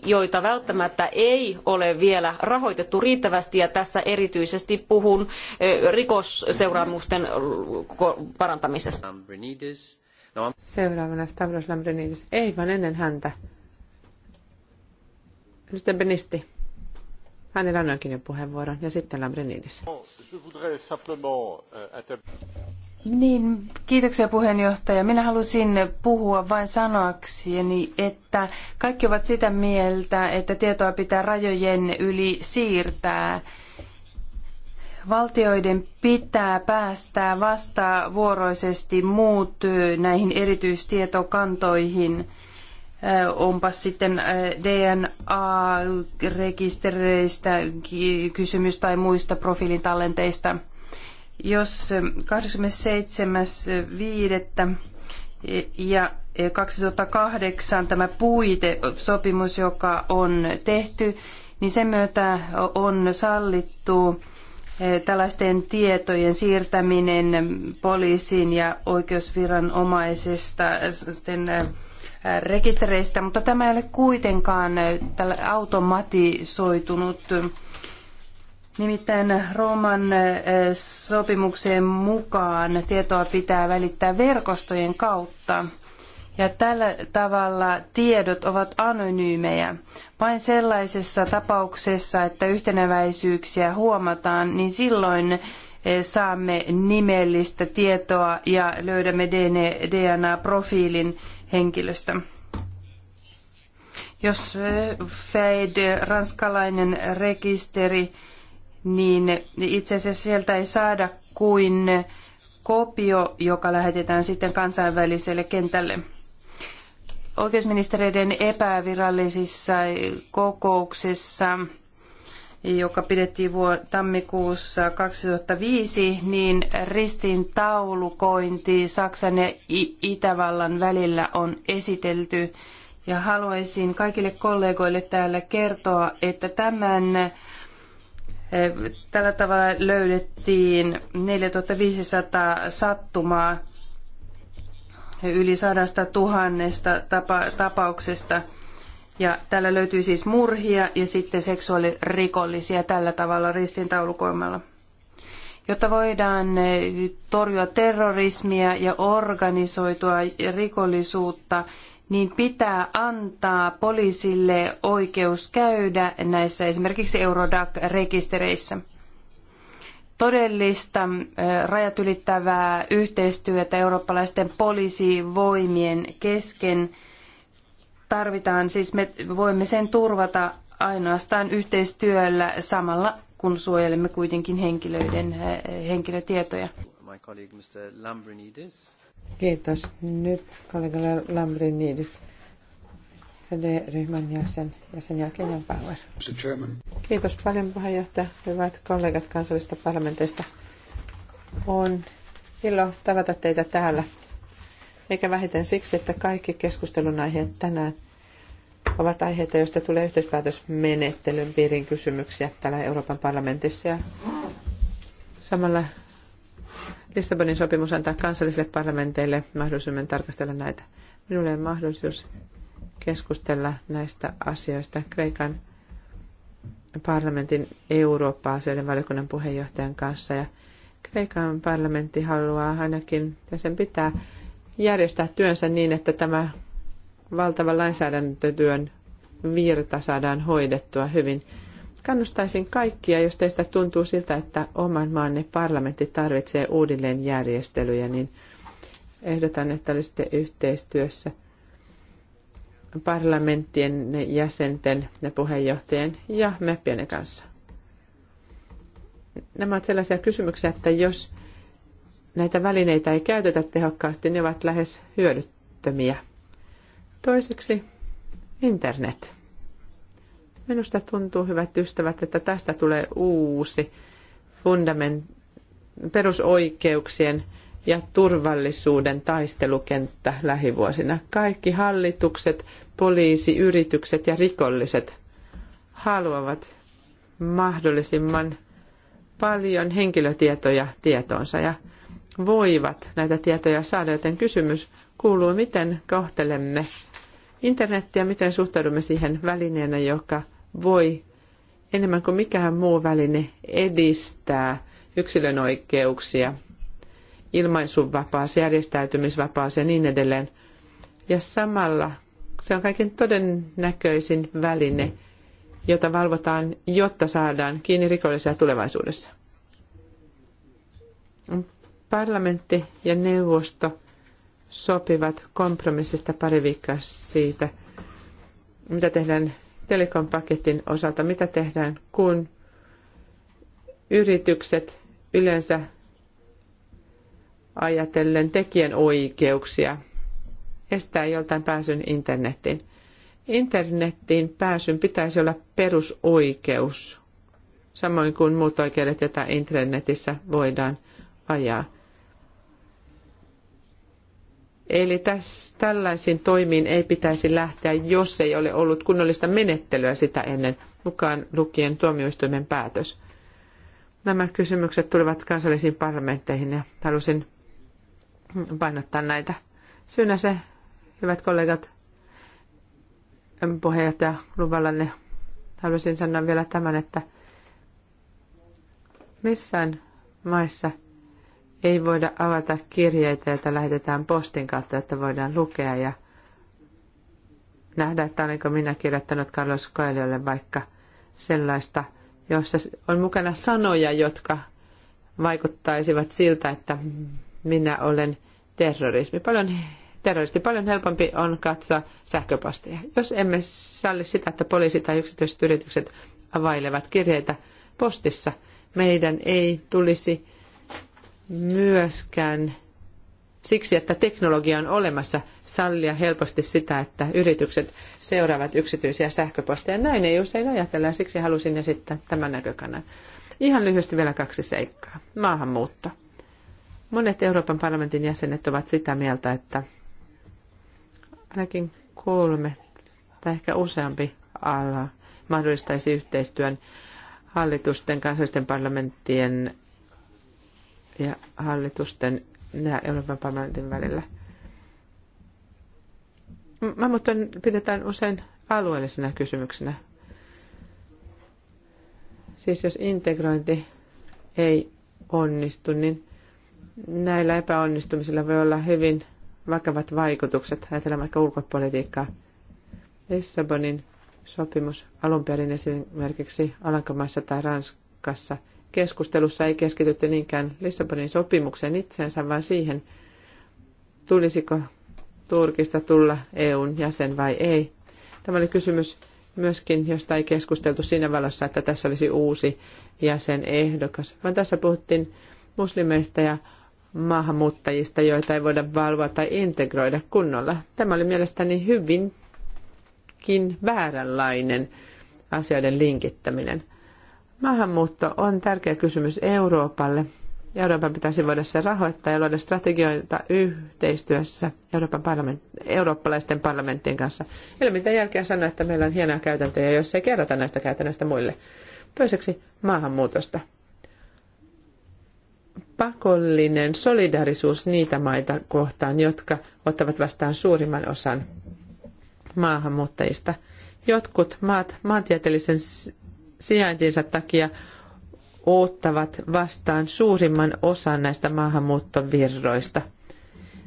joita välttämättä ei ole vielä rahoitettu riittävästi ja tässä erityisesti puhun rikosseuraamusten parantamisesta. No, Seuraavana Stavros Lambrinidis. Ei vaan ennen häntä. Edustaja Benisti. Hänellä annankin jo puheenvuoron ja sitten Lambrinidis. Niin, kiitoksia puheenjohtaja. Minä halusin puhua vain sanoakseni, että kaikki ovat sitä mieltä, että tietoa pitää rajojen yli siirtää. Valtioiden pitää päästää vastavuoroisesti muut näihin erityistietokantoihin – onpas sitten DNA-rekistereistä kysymys tai muista profiilitallenteista, jos Jos 27.5. ja 2008 tämä puitesopimus, joka on tehty, niin sen myötä on sallittu tällaisten tietojen siirtäminen poliisin ja oikeusviranomaisesta sitten rekistereistä, mutta tämä ei ole kuitenkaan äh, automatisoitunut. Nimittäin Rooman äh, sopimuksen mukaan tietoa pitää välittää verkostojen kautta. Ja tällä tavalla tiedot ovat anonyymejä. Vain sellaisessa tapauksessa, että yhteneväisyyksiä huomataan, niin silloin äh, saamme nimellistä tietoa ja löydämme DNA-profiilin henkilöstä. Jos eh, FED, ranskalainen rekisteri, niin itse asiassa sieltä ei saada kuin kopio, joka lähetetään sitten kansainväliselle kentälle. Oikeusministeriöiden epävirallisissa kokouksissa joka pidettiin vuo- tammikuussa 2005, niin ristin taulukointi Saksan ja Itävallan välillä on esitelty. Ja haluaisin kaikille kollegoille täällä kertoa, että tämän eh, tällä tavalla löydettiin 4500 sattumaa yli sadasta tuhannesta tapa- tapauksesta – ja täällä löytyy siis murhia ja sitten seksuaalirikollisia tällä tavalla ristintaulukoimalla. Jotta voidaan eh, torjua terrorismia ja organisoitua rikollisuutta, niin pitää antaa poliisille oikeus käydä näissä esimerkiksi Eurodac-rekistereissä. Todellista eh, rajat ylittävää yhteistyötä eurooppalaisten poliisivoimien kesken – tarvitaan, siis me voimme sen turvata ainoastaan yhteistyöllä samalla, kun suojelemme kuitenkin henkilöiden eh, henkilötietoja. Kiitos. Nyt kollega Lambrinidis, ryhmän jäsen ja sen jälkeen Jan Bauer. Kiitos paljon puheenjohtaja. Hyvät kollegat kansallisista parlamenteista. On ilo tavata teitä täällä eikä vähiten siksi, että kaikki keskustelun aiheet tänään ovat aiheita, joista tulee yhteispäätösmenettelyn piirin kysymyksiä täällä Euroopan parlamentissa. Ja samalla Lissabonin sopimus antaa kansallisille parlamenteille mahdollisuuden tarkastella näitä. Minulle on mahdollisuus keskustella näistä asioista Kreikan parlamentin Eurooppa-asioiden valiokunnan puheenjohtajan kanssa. Ja Kreikan parlamentti haluaa ainakin, ja sen pitää järjestää työnsä niin, että tämä valtava lainsäädäntötyön virta saadaan hoidettua hyvin. Kannustaisin kaikkia, jos teistä tuntuu siltä, että oman maanne parlamentti tarvitsee uudelleen järjestelyjä, niin ehdotan, että olisitte yhteistyössä parlamenttien jäsenten ja puheenjohtajien ja meppien kanssa. Nämä ovat sellaisia kysymyksiä, että jos näitä välineitä ei käytetä tehokkaasti, ne ovat lähes hyödyttömiä. Toiseksi internet. Minusta tuntuu, hyvät ystävät, että tästä tulee uusi fundament, perusoikeuksien ja turvallisuuden taistelukenttä lähivuosina. Kaikki hallitukset, poliisi, yritykset ja rikolliset haluavat mahdollisimman paljon henkilötietoja tietoonsa ja voivat näitä tietoja saada, joten kysymys kuuluu, miten kohtelemme internettiä, miten suhtaudumme siihen välineenä, joka voi enemmän kuin mikään muu väline edistää yksilön oikeuksia, ilmaisuvapaus, järjestäytymisvapaus ja niin edelleen. Ja samalla se on kaiken todennäköisin väline, jota valvotaan, jotta saadaan kiinni rikollisia tulevaisuudessa. Parlamentti ja neuvosto sopivat kompromissista pari viikkoa siitä, mitä tehdään telekompaketin osalta, mitä tehdään, kun yritykset yleensä ajatellen tekijän oikeuksia estää joltain pääsyn internettiin. Internettiin pääsyn pitäisi olla perusoikeus, samoin kuin muut oikeudet, joita internetissä voidaan ajaa. Eli täs, tällaisiin toimiin ei pitäisi lähteä, jos ei ole ollut kunnollista menettelyä sitä ennen, mukaan lukien tuomioistuimen päätös. Nämä kysymykset tulevat kansallisiin parlamentteihin ja halusin painottaa näitä. Syynä se, hyvät kollegat, puheenjohtaja luvallanne, haluaisin sanoa vielä tämän, että missään maissa – ei voida avata kirjeitä, joita lähetetään postin kautta, että voidaan lukea ja nähdä, että olenko minä kirjoittanut Carlos Coelholle vaikka sellaista, jossa on mukana sanoja, jotka vaikuttaisivat siltä, että minä olen terrorismi. Paljon, terroristi paljon helpompi on katsoa sähköposteja. Jos emme salli sitä, että poliisi tai yksityiset yritykset availevat kirjeitä postissa, meidän ei tulisi myöskään siksi, että teknologia on olemassa, sallia helposti sitä, että yritykset seuraavat yksityisiä sähköposteja. Näin ei usein ajatella ja siksi halusin esittää tämän näkökannan. Ihan lyhyesti vielä kaksi seikkaa. Maahanmuutto. Monet Euroopan parlamentin jäsenet ovat sitä mieltä, että ainakin kolme tai ehkä useampi ala mahdollistaisi yhteistyön hallitusten, kansallisten parlamenttien ja hallitusten ja Euroopan parlamentin välillä. mutta pidetään usein alueellisena kysymyksenä. Siis jos integrointi ei onnistu, niin näillä epäonnistumisilla voi olla hyvin vakavat vaikutukset. Ajatellaan vaikka ulkopolitiikkaa. Lissabonin sopimus alun perin esimerkiksi Alankomaissa tai Ranskassa – keskustelussa ei keskitytty niinkään Lissabonin sopimukseen itsensä, vaan siihen, tulisiko Turkista tulla EUn jäsen vai ei. Tämä oli kysymys myöskin, josta ei keskusteltu siinä valossa, että tässä olisi uusi jäsenehdokas, vaan tässä puhuttiin muslimeista ja maahanmuuttajista, joita ei voida valvoa tai integroida kunnolla. Tämä oli mielestäni hyvinkin vääränlainen asioiden linkittäminen. Maahanmuutto on tärkeä kysymys Euroopalle. Euroopan pitäisi voida se rahoittaa ja luoda strategioita yhteistyössä Euroopan parlament, eurooppalaisten parlamenttien kanssa. Ei ole mitään järkeä sanoa, että meillä on hienoja käytäntöjä, jos ei kerrota näistä käytännöistä muille. Toiseksi maahanmuutosta. Pakollinen solidarisuus niitä maita kohtaan, jotka ottavat vastaan suurimman osan maahanmuuttajista. Jotkut maat maantieteellisen sijaintinsa takia ottavat vastaan suurimman osan näistä maahanmuuttovirroista.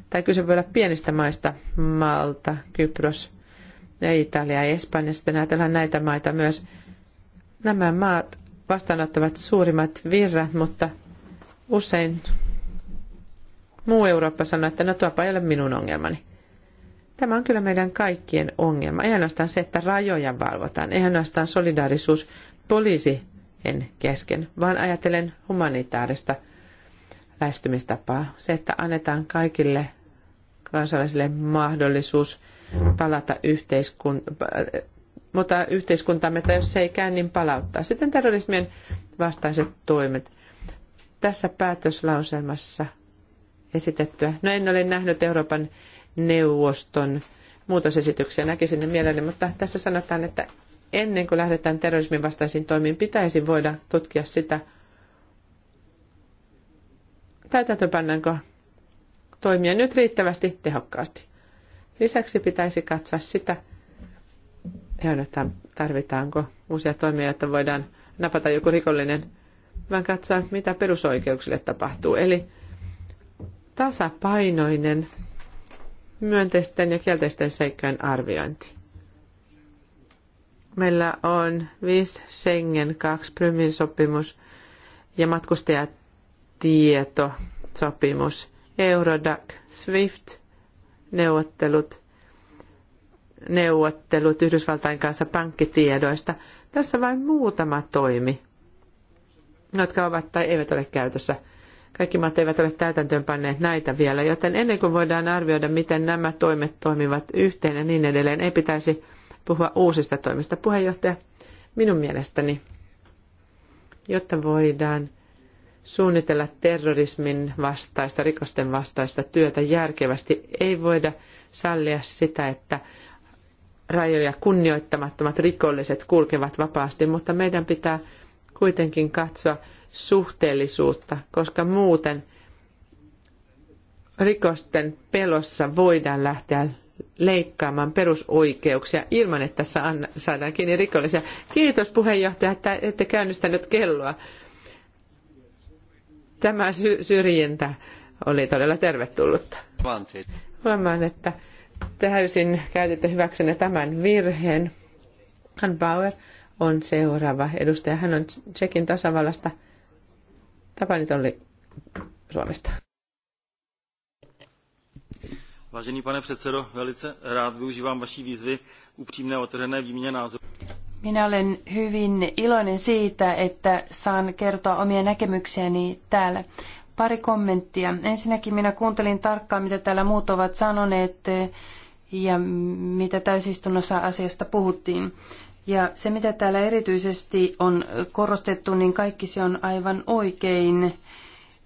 Tai kyse voi olla pienistä maista, Malta, Kypros Italia ja Espanja. Sitten ajatellaan näitä maita myös. Nämä maat vastaanottavat suurimmat virrat, mutta usein muu Eurooppa sanoo, että no tuopa ei ole minun ongelmani. Tämä on kyllä meidän kaikkien ongelma. Ei ainoastaan se, että rajoja valvotaan, ei ainoastaan solidaarisuus, en kesken, vaan ajattelen humanitaarista lähestymistapaa. Se, että annetaan kaikille kansalaisille mahdollisuus palata yhteiskuntaan, äh, mutta yhteiskuntamme, että jos se ei käy, niin palauttaa. Sitten terrorismien vastaiset toimet. Tässä päätöslauselmassa esitettyä. No en ole nähnyt Euroopan neuvoston muutosesityksiä, näkisin ne mielelläni, mutta tässä sanotaan, että ennen kuin lähdetään terrorismin vastaisiin toimiin, pitäisi voida tutkia sitä, täytäntöpannaanko toimia nyt riittävästi tehokkaasti. Lisäksi pitäisi katsoa sitä, tarvitaanko uusia toimia, että voidaan napata joku rikollinen, vaan katsoa, mitä perusoikeuksille tapahtuu. Eli tasapainoinen myönteisten ja kielteisten seikkojen arviointi. Meillä on viisi Schengen, kaksi Prymin sopimus ja matkustajatietosopimus, Eurodac, SWIFT, neuvottelut, neuvottelut Yhdysvaltain kanssa pankkitiedoista. Tässä vain muutama toimi, jotka ovat tai eivät ole käytössä. Kaikki maat eivät ole täytäntöön panneet näitä vielä, joten ennen kuin voidaan arvioida, miten nämä toimet toimivat yhteen ja niin edelleen, ei pitäisi puhua uusista toimista. Puheenjohtaja, minun mielestäni, jotta voidaan suunnitella terrorismin vastaista, rikosten vastaista työtä järkevästi, ei voida sallia sitä, että rajoja kunnioittamattomat rikolliset kulkevat vapaasti, mutta meidän pitää kuitenkin katsoa suhteellisuutta, koska muuten rikosten pelossa voidaan lähteä leikkaamaan perusoikeuksia ilman, että saadaan kiinni rikollisia. Kiitos puheenjohtaja, että ette käynnistänyt kelloa. Tämä sy- syrjintä oli todella tervetullutta. Huomaan, että täysin käytitte hyväksenne tämän virheen. Han Bauer on seuraava edustaja. Hän on Tsekin tasavallasta. Tapanit oli Suomesta. Vážený pane předsedo, velice rád využívám vaší výzvy upřímné otevřené výměně názorů. Minä olen hyvin iloinen siitä, että saan kertoa omia näkemyksiäni täällä. Pari kommenttia. Ensinnäkin minä kuuntelin tarkkaan, mitä täällä muut ovat sanoneet ja mitä täysistunnossa asiasta puhuttiin. Ja se, mitä täällä erityisesti on korostettu, niin kaikki se on aivan oikein.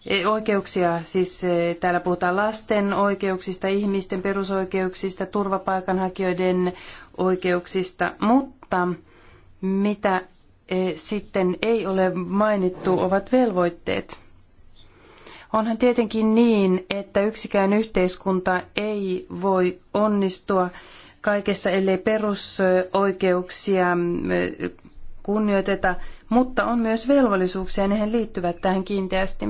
E, oikeuksia. Siis e, täällä puhutaan lasten oikeuksista, ihmisten perusoikeuksista, turvapaikanhakijoiden oikeuksista, mutta mitä e, sitten ei ole mainittu, ovat velvoitteet. Onhan tietenkin niin, että yksikään yhteiskunta ei voi onnistua kaikessa, ellei perusoikeuksia kunnioiteta, mutta on myös velvollisuuksia, ja nehän liittyvät tähän kiinteästi.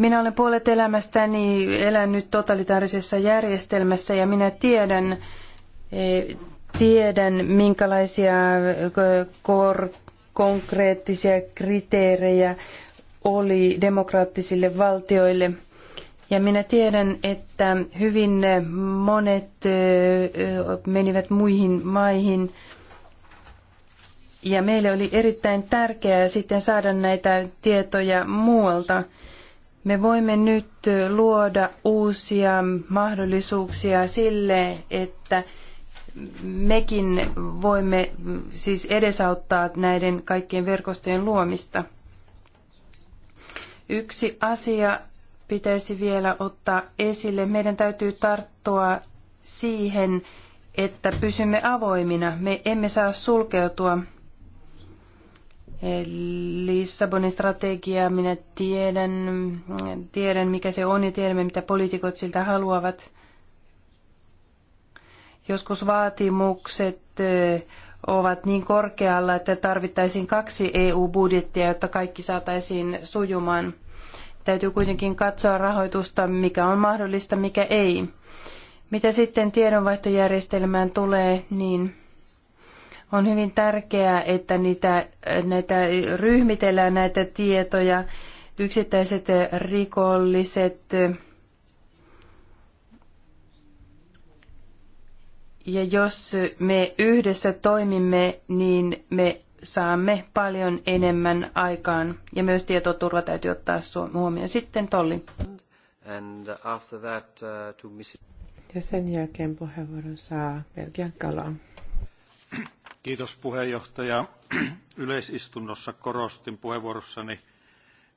Minä olen puolet elämästäni elänyt totalitaarisessa järjestelmässä ja minä tiedän, e, tiedän minkälaisia konkreettisia kriteerejä oli demokraattisille valtioille. Ja minä tiedän, että hyvin monet menivät muihin maihin. Ja meille oli erittäin tärkeää sitten saada näitä tietoja muualta. Me voimme nyt luoda uusia mahdollisuuksia sille, että mekin voimme siis edesauttaa näiden kaikkien verkostojen luomista. Yksi asia pitäisi vielä ottaa esille. Meidän täytyy tarttua siihen, että pysymme avoimina. Me emme saa sulkeutua Lissabonin strategia, minä tiedän, tiedän mikä se on ja tiedämme mitä poliitikot siltä haluavat. Joskus vaatimukset ovat niin korkealla, että tarvittaisiin kaksi EU-budjettia, jotta kaikki saataisiin sujumaan. Täytyy kuitenkin katsoa rahoitusta, mikä on mahdollista, mikä ei. Mitä sitten tiedonvaihtojärjestelmään tulee, niin on hyvin tärkeää, että niitä, näitä ryhmitellään näitä tietoja. Yksittäiset rikolliset Ja jos me yhdessä toimimme, niin me saamme paljon enemmän aikaan. Ja myös tietoturva täytyy ottaa huomioon. Sitten Tolli. And after that, uh, to miss... Ja sen jälkeen puheenvuoron saa Belgian kalaa. Kiitos puheenjohtaja. [clears throat] Yleisistunnossa korostin puheenvuorossani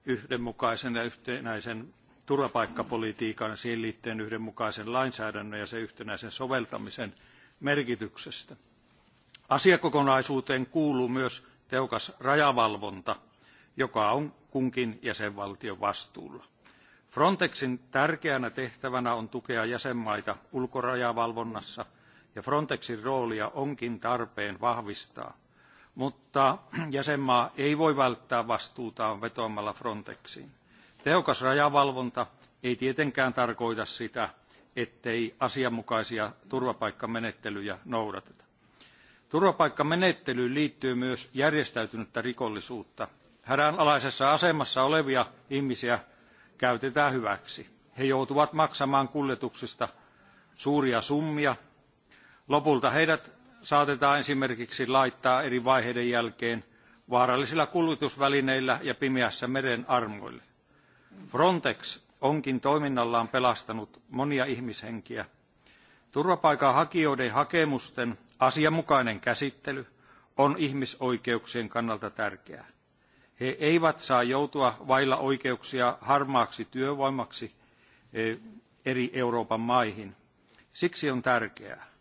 yhdenmukaisen ja yhtenäisen turvapaikkapolitiikan ja siihen liittyen yhdenmukaisen lainsäädännön ja sen yhtenäisen soveltamisen merkityksestä. Asiakokonaisuuteen kuuluu myös tehokas rajavalvonta, joka on kunkin jäsenvaltion vastuulla. Frontexin tärkeänä tehtävänä on tukea jäsenmaita ulkorajavalvonnassa – ja Frontexin roolia onkin tarpeen vahvistaa, mutta [clears throat] jäsenmaa ei voi välttää vastuutaan vetoamalla Frontexiin. Tehokas rajavalvonta ei tietenkään tarkoita sitä, ettei asianmukaisia turvapaikkamenettelyjä noudateta. Turvapaikkamenettelyyn liittyy myös järjestäytynyttä rikollisuutta. Hädänalaisessa asemassa olevia ihmisiä käytetään hyväksi. He joutuvat maksamaan kuljetuksista suuria summia lopulta heidät saatetaan esimerkiksi laittaa eri vaiheiden jälkeen vaarallisilla kuljetusvälineillä ja pimeässä meren armoille. frontex onkin toiminnallaan pelastanut monia ihmishenkiä. turvapaikanhakijoiden hakemusten asianmukainen käsittely on ihmisoikeuksien kannalta tärkeää. he eivät saa joutua vailla oikeuksia harmaaksi työvoimaksi eh, eri euroopan maihin. siksi on tärkeää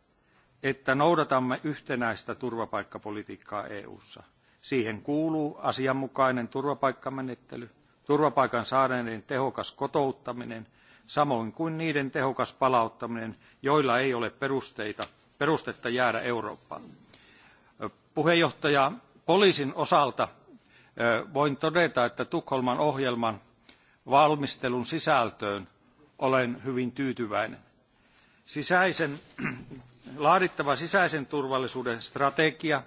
että noudatamme yhtenäistä turvapaikkapolitiikkaa EU:ssa. Siihen kuuluu asianmukainen turvapaikkamenettely, turvapaikan saaneiden tehokas kotouttaminen, samoin kuin niiden tehokas palauttaminen, joilla ei ole perusteita, perustetta jäädä Eurooppaan. Puheenjohtaja, poliisin osalta voin todeta, että Tukholman ohjelman valmistelun sisältöön olen hyvin tyytyväinen. Sisäisen laadittava sisäisen turvallisuuden strategia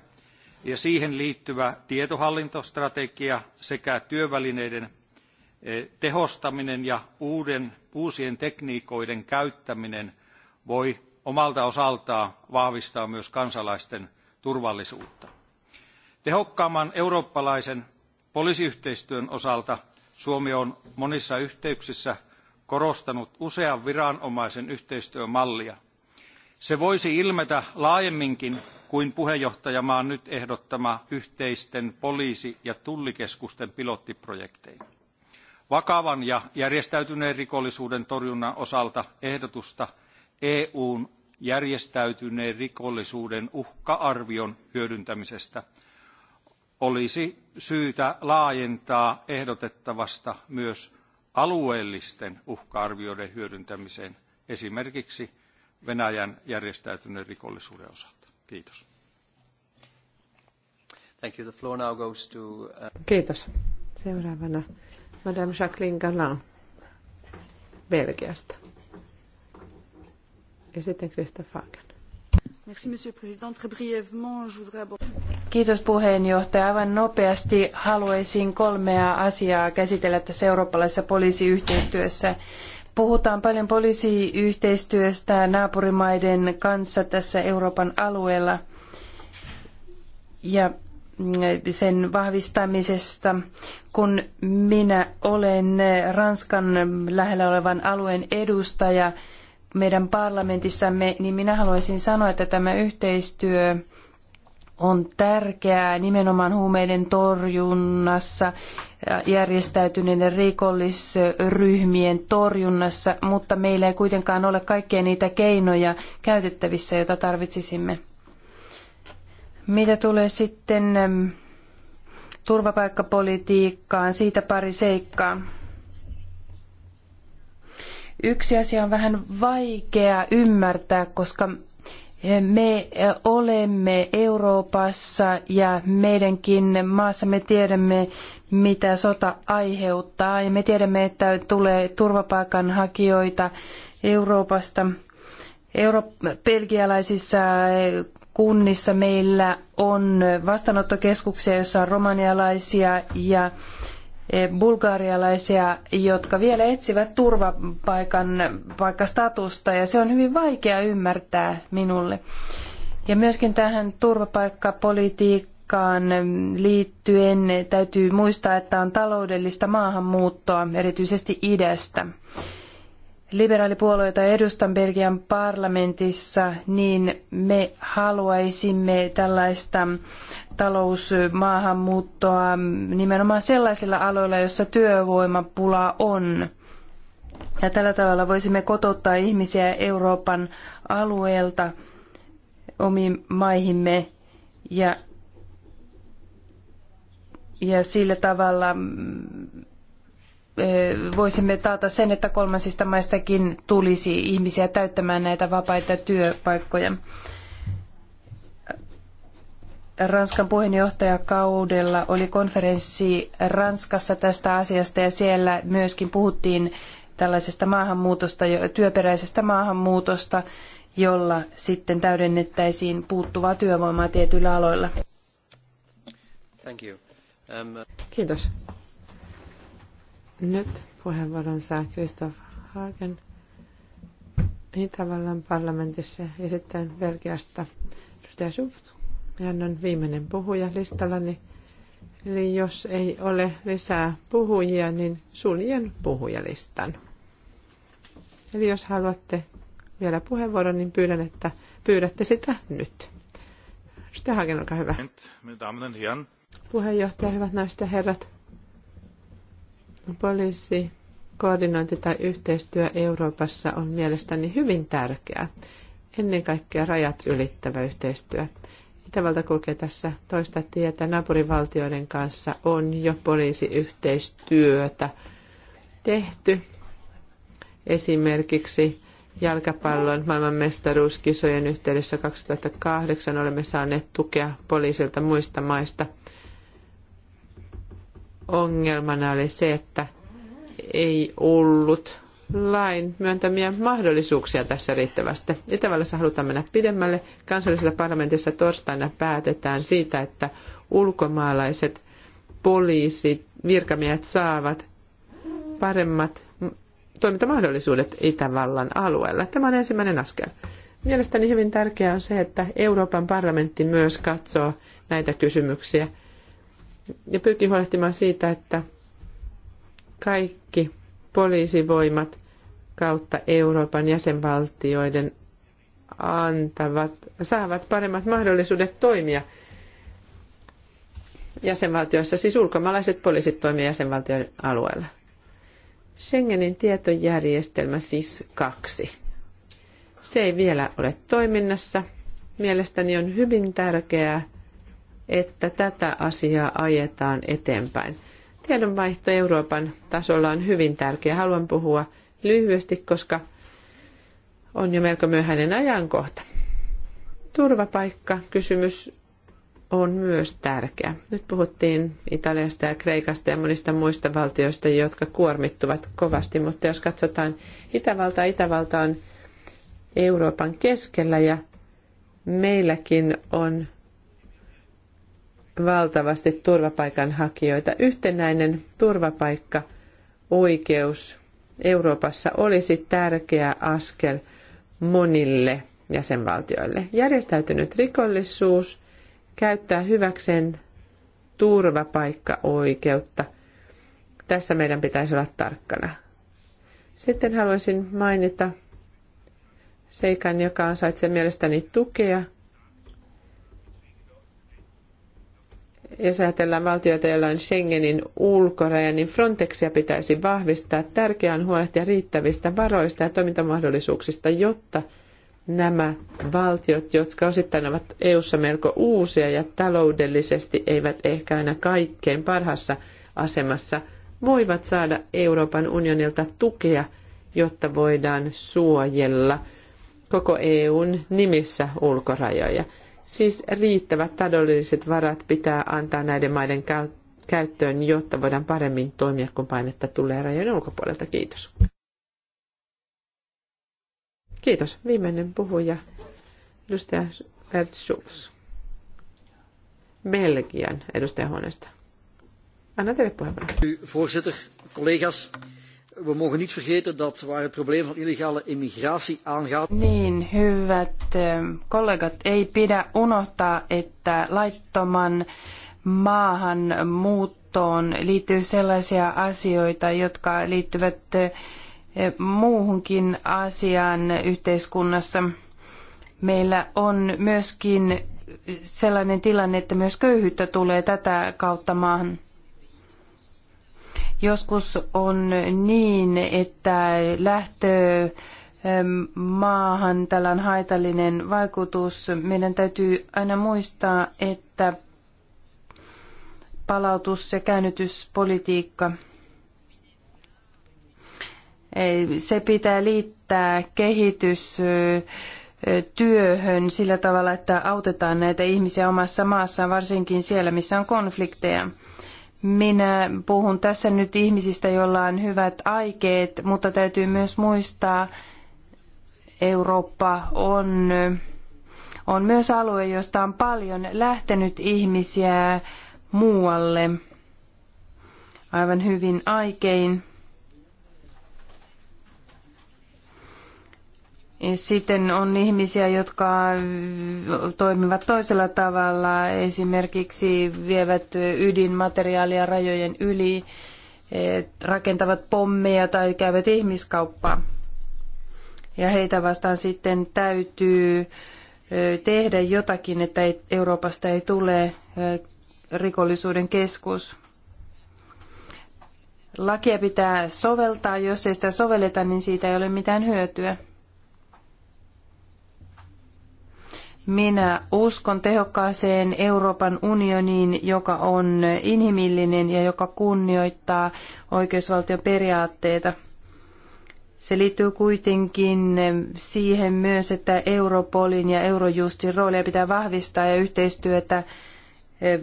ja siihen liittyvä tietohallintostrategia sekä työvälineiden e, tehostaminen ja uuden, uusien tekniikoiden käyttäminen voi omalta osaltaan vahvistaa myös kansalaisten turvallisuutta. Tehokkaamman eurooppalaisen poliisiyhteistyön osalta Suomi on monissa yhteyksissä korostanut usean viranomaisen yhteistyömallia. Se voisi ilmetä laajemminkin kuin puheenjohtajamaan nyt ehdottama yhteisten poliisi- ja tullikeskusten pilottiprojektein. Vakavan ja järjestäytyneen rikollisuuden torjunnan osalta ehdotusta EUn järjestäytyneen rikollisuuden uhka-arvion hyödyntämisestä olisi syytä laajentaa ehdotettavasta myös alueellisten uhka-arvioiden hyödyntämiseen, esimerkiksi Venäjän järjestäytyneen rikollisuuden osalta. Kiitos. Thank you. The floor now goes to, uh... Kiitos. Seuraavana Madame Jacqueline Galland Belgiasta. Ja sitten Christophe Hagen. Merci, Monsieur le Président. Très brièvement, je voudrais Kiitos puheenjohtaja. Aivan nopeasti haluaisin kolmea asiaa käsitellä tässä eurooppalaisessa poliisiyhteistyössä. Puhutaan paljon poliisiyhteistyöstä naapurimaiden kanssa tässä Euroopan alueella ja sen vahvistamisesta, kun minä olen Ranskan lähellä olevan alueen edustaja meidän parlamentissamme, niin minä haluaisin sanoa, että tämä yhteistyö on tärkeää nimenomaan huumeiden torjunnassa, järjestäytyneiden rikollisryhmien torjunnassa, mutta meillä ei kuitenkaan ole kaikkia niitä keinoja käytettävissä, joita tarvitsisimme. Mitä tulee sitten ähm, turvapaikkapolitiikkaan, siitä pari seikkaa. Yksi asia on vähän vaikea ymmärtää, koska me eh, olemme Euroopassa ja meidänkin maassa me tiedämme, mitä sota aiheuttaa ja me tiedämme, että tulee turvapaikanhakijoita Euroopasta. Euro- belgialaisissa eh, kunnissa meillä on vastaanottokeskuksia, joissa on romanialaisia ja E, bulgarialaisia, jotka vielä etsivät turvapaikan paikkastatusta ja se on hyvin vaikea ymmärtää minulle. Ja myöskin tähän turvapaikkapolitiikkaan liittyen täytyy muistaa, että on taloudellista maahanmuuttoa, erityisesti idästä. Liberaalipuolueita edustan Belgian parlamentissa, niin me haluaisimme tällaista talousmaahanmuuttoa nimenomaan sellaisilla aloilla, joissa työvoimapula on. Ja tällä tavalla voisimme kotouttaa ihmisiä Euroopan alueelta omiin maihimme ja, ja sillä tavalla mm, voisimme taata sen, että kolmansista maistakin tulisi ihmisiä täyttämään näitä vapaita työpaikkoja. Ranskan puheenjohtajakaudella oli konferenssi Ranskassa tästä asiasta ja siellä myöskin puhuttiin tällaisesta maahanmuutosta, työperäisestä maahanmuutosta, jolla sitten täydennettäisiin puuttuvaa työvoimaa tietyillä aloilla. Um, Kiitos. Nyt puheenvuoron saa Kristoff Hagen Itävallan parlamentissa ja sitten Belgiasta edustaja Suft. Hän on viimeinen puhuja listallani. Eli jos ei ole lisää puhujia, niin suljen puhujalistan. Eli jos haluatte vielä puheenvuoron, niin pyydän, että pyydätte sitä nyt. Sitten Hagen, olkaa hyvä. Puheenjohtaja, hyvät naiset ja herrat. Poliisi, koordinointi tai yhteistyö Euroopassa on mielestäni hyvin tärkeää. Ennen kaikkea rajat ylittävä yhteistyö. Itävalta kulkee tässä toista tietä. Naapurivaltioiden kanssa on jo poliisiyhteistyötä tehty. Esimerkiksi jalkapallon maailmanmestaruuskisojen yhteydessä 2008 olemme saaneet tukea poliisilta muista maista. Ongelmana oli se, että ei ollut lain myöntämiä mahdollisuuksia tässä riittävästi. Itävallassa halutaan mennä pidemmälle. Kansallisessa parlamentissa torstaina päätetään siitä, että ulkomaalaiset poliisit, virkamiehet saavat paremmat toimintamahdollisuudet Itävallan alueella. Tämä on ensimmäinen askel. Mielestäni hyvin tärkeää on se, että Euroopan parlamentti myös katsoo näitä kysymyksiä ja pyrkii huolehtimaan siitä, että kaikki poliisivoimat kautta Euroopan jäsenvaltioiden antavat, saavat paremmat mahdollisuudet toimia jäsenvaltioissa, siis ulkomaalaiset poliisit toimivat jäsenvaltioiden alueella. Schengenin tietojärjestelmä siis kaksi. Se ei vielä ole toiminnassa. Mielestäni on hyvin tärkeää, että tätä asiaa ajetaan eteenpäin. Tiedonvaihto Euroopan tasolla on hyvin tärkeä. Haluan puhua lyhyesti, koska on jo melko myöhäinen ajankohta. Turvapaikka kysymys on myös tärkeä. Nyt puhuttiin Italiasta ja Kreikasta ja monista muista valtioista, jotka kuormittuvat kovasti, mutta jos katsotaan Itävaltaa, Itävalta on Euroopan keskellä ja meilläkin on valtavasti turvapaikanhakijoita. Yhtenäinen turvapaikka oikeus Euroopassa olisi tärkeä askel monille jäsenvaltioille. Järjestäytynyt rikollisuus käyttää hyväkseen turvapaikkaoikeutta. Tässä meidän pitäisi olla tarkkana. Sitten haluaisin mainita seikan, joka ansaitsee mielestäni tukea – jos ajatellaan valtioita, joilla on Schengenin ulkoraja, niin Frontexia pitäisi vahvistaa. Tärkeää on huolehtia riittävistä varoista ja toimintamahdollisuuksista, jotta nämä valtiot, jotka osittain ovat EU-ssa melko uusia ja taloudellisesti eivät ehkä aina kaikkein parhassa asemassa, voivat saada Euroopan unionilta tukea, jotta voidaan suojella koko EUn nimissä ulkorajoja. Siis riittävät taloudelliset varat pitää antaa näiden maiden käyttöön, jotta voidaan paremmin toimia, kun painetta tulee rajojen ulkopuolelta. Kiitos. Kiitos. Viimeinen puhuja, edustaja Bert Belgian edustajahuoneesta. Anna teille puheenvuoron. Voorzitter, collega's we mogen niet vergeten dat waar het probleem van illegale immigratie aangaat... Niin, hyvät eh, kollegat, ei pidä unohtaa, että laittoman maahanmuuttoon liittyy sellaisia asioita, jotka liittyvät eh, eh, muuhunkin asiaan yhteiskunnassa. Meillä on myöskin sellainen tilanne, että myös köyhyyttä tulee tätä kautta maahan. Joskus on niin, että lähtö ähm, maahan tällä on haitallinen vaikutus. Meidän täytyy aina muistaa, että palautus- ja käännytyspolitiikka eh, se pitää liittää kehitystyöhön eh, sillä tavalla, että autetaan näitä ihmisiä omassa maassaan, varsinkin siellä, missä on konflikteja. Minä puhun tässä nyt ihmisistä, joilla on hyvät aikeet, mutta täytyy myös muistaa, Eurooppa on, on myös alue, josta on paljon lähtenyt ihmisiä muualle aivan hyvin aikein. Sitten on ihmisiä, jotka toimivat toisella tavalla, esimerkiksi vievät ydinmateriaalia rajojen yli, rakentavat pommeja tai käyvät ihmiskauppaa. Ja heitä vastaan sitten täytyy tehdä jotakin, että Euroopasta ei tule rikollisuuden keskus. Lakia pitää soveltaa, jos ei sitä sovelleta, niin siitä ei ole mitään hyötyä. Minä uskon tehokkaaseen Euroopan unioniin, joka on inhimillinen ja joka kunnioittaa oikeusvaltion periaatteita. Se liittyy kuitenkin siihen myös, että Europolin ja Eurojustin roolia pitää vahvistaa ja yhteistyötä, eh,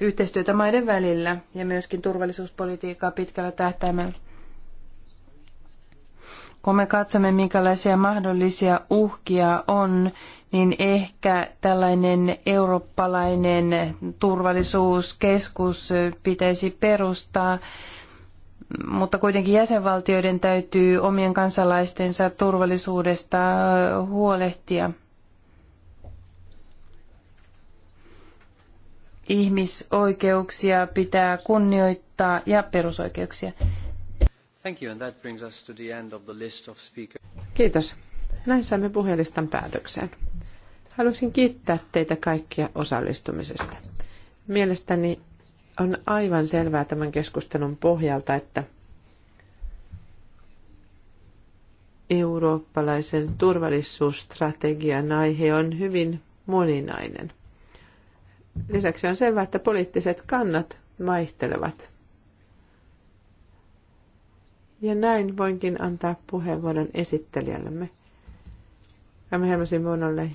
yhteistyötä maiden välillä ja myöskin turvallisuuspolitiikkaa pitkällä tähtäimellä. Kun me katsomme, minkälaisia mahdollisia uhkia on, niin ehkä tällainen eurooppalainen turvallisuuskeskus pitäisi perustaa, mutta kuitenkin jäsenvaltioiden täytyy omien kansalaistensa turvallisuudesta huolehtia. Ihmisoikeuksia pitää kunnioittaa ja perusoikeuksia. Kiitos. Näin saamme puhelistan päätökseen. Haluaisin kiittää teitä kaikkia osallistumisesta. Mielestäni on aivan selvää tämän keskustelun pohjalta, että eurooppalaisen turvallisuusstrategian aihe on hyvin moninainen. Lisäksi on selvää, että poliittiset kannat vaihtelevat ja näin voinkin antaa puheenvuoron esittelijällemme. Rami Hermosin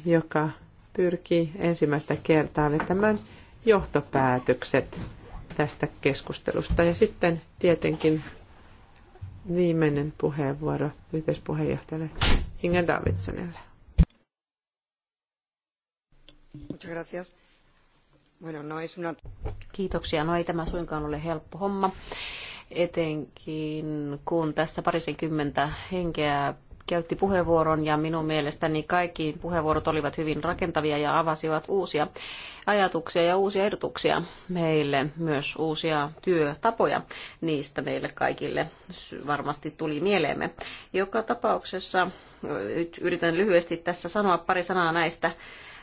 joka pyrkii ensimmäistä kertaa vetämään johtopäätökset tästä keskustelusta. Ja sitten tietenkin viimeinen puheenvuoro yhteispuheenjohtajalle Inge Davidsonille. No Kiitoksia. No ei tämä suinkaan ole helppo homma etenkin kun tässä parisenkymmentä henkeä käytti puheenvuoron ja minun mielestäni kaikki puheenvuorot olivat hyvin rakentavia ja avasivat uusia ajatuksia ja uusia ehdotuksia meille, myös uusia työtapoja. Niistä meille kaikille varmasti tuli mieleemme. Joka tapauksessa yritän lyhyesti tässä sanoa pari sanaa näistä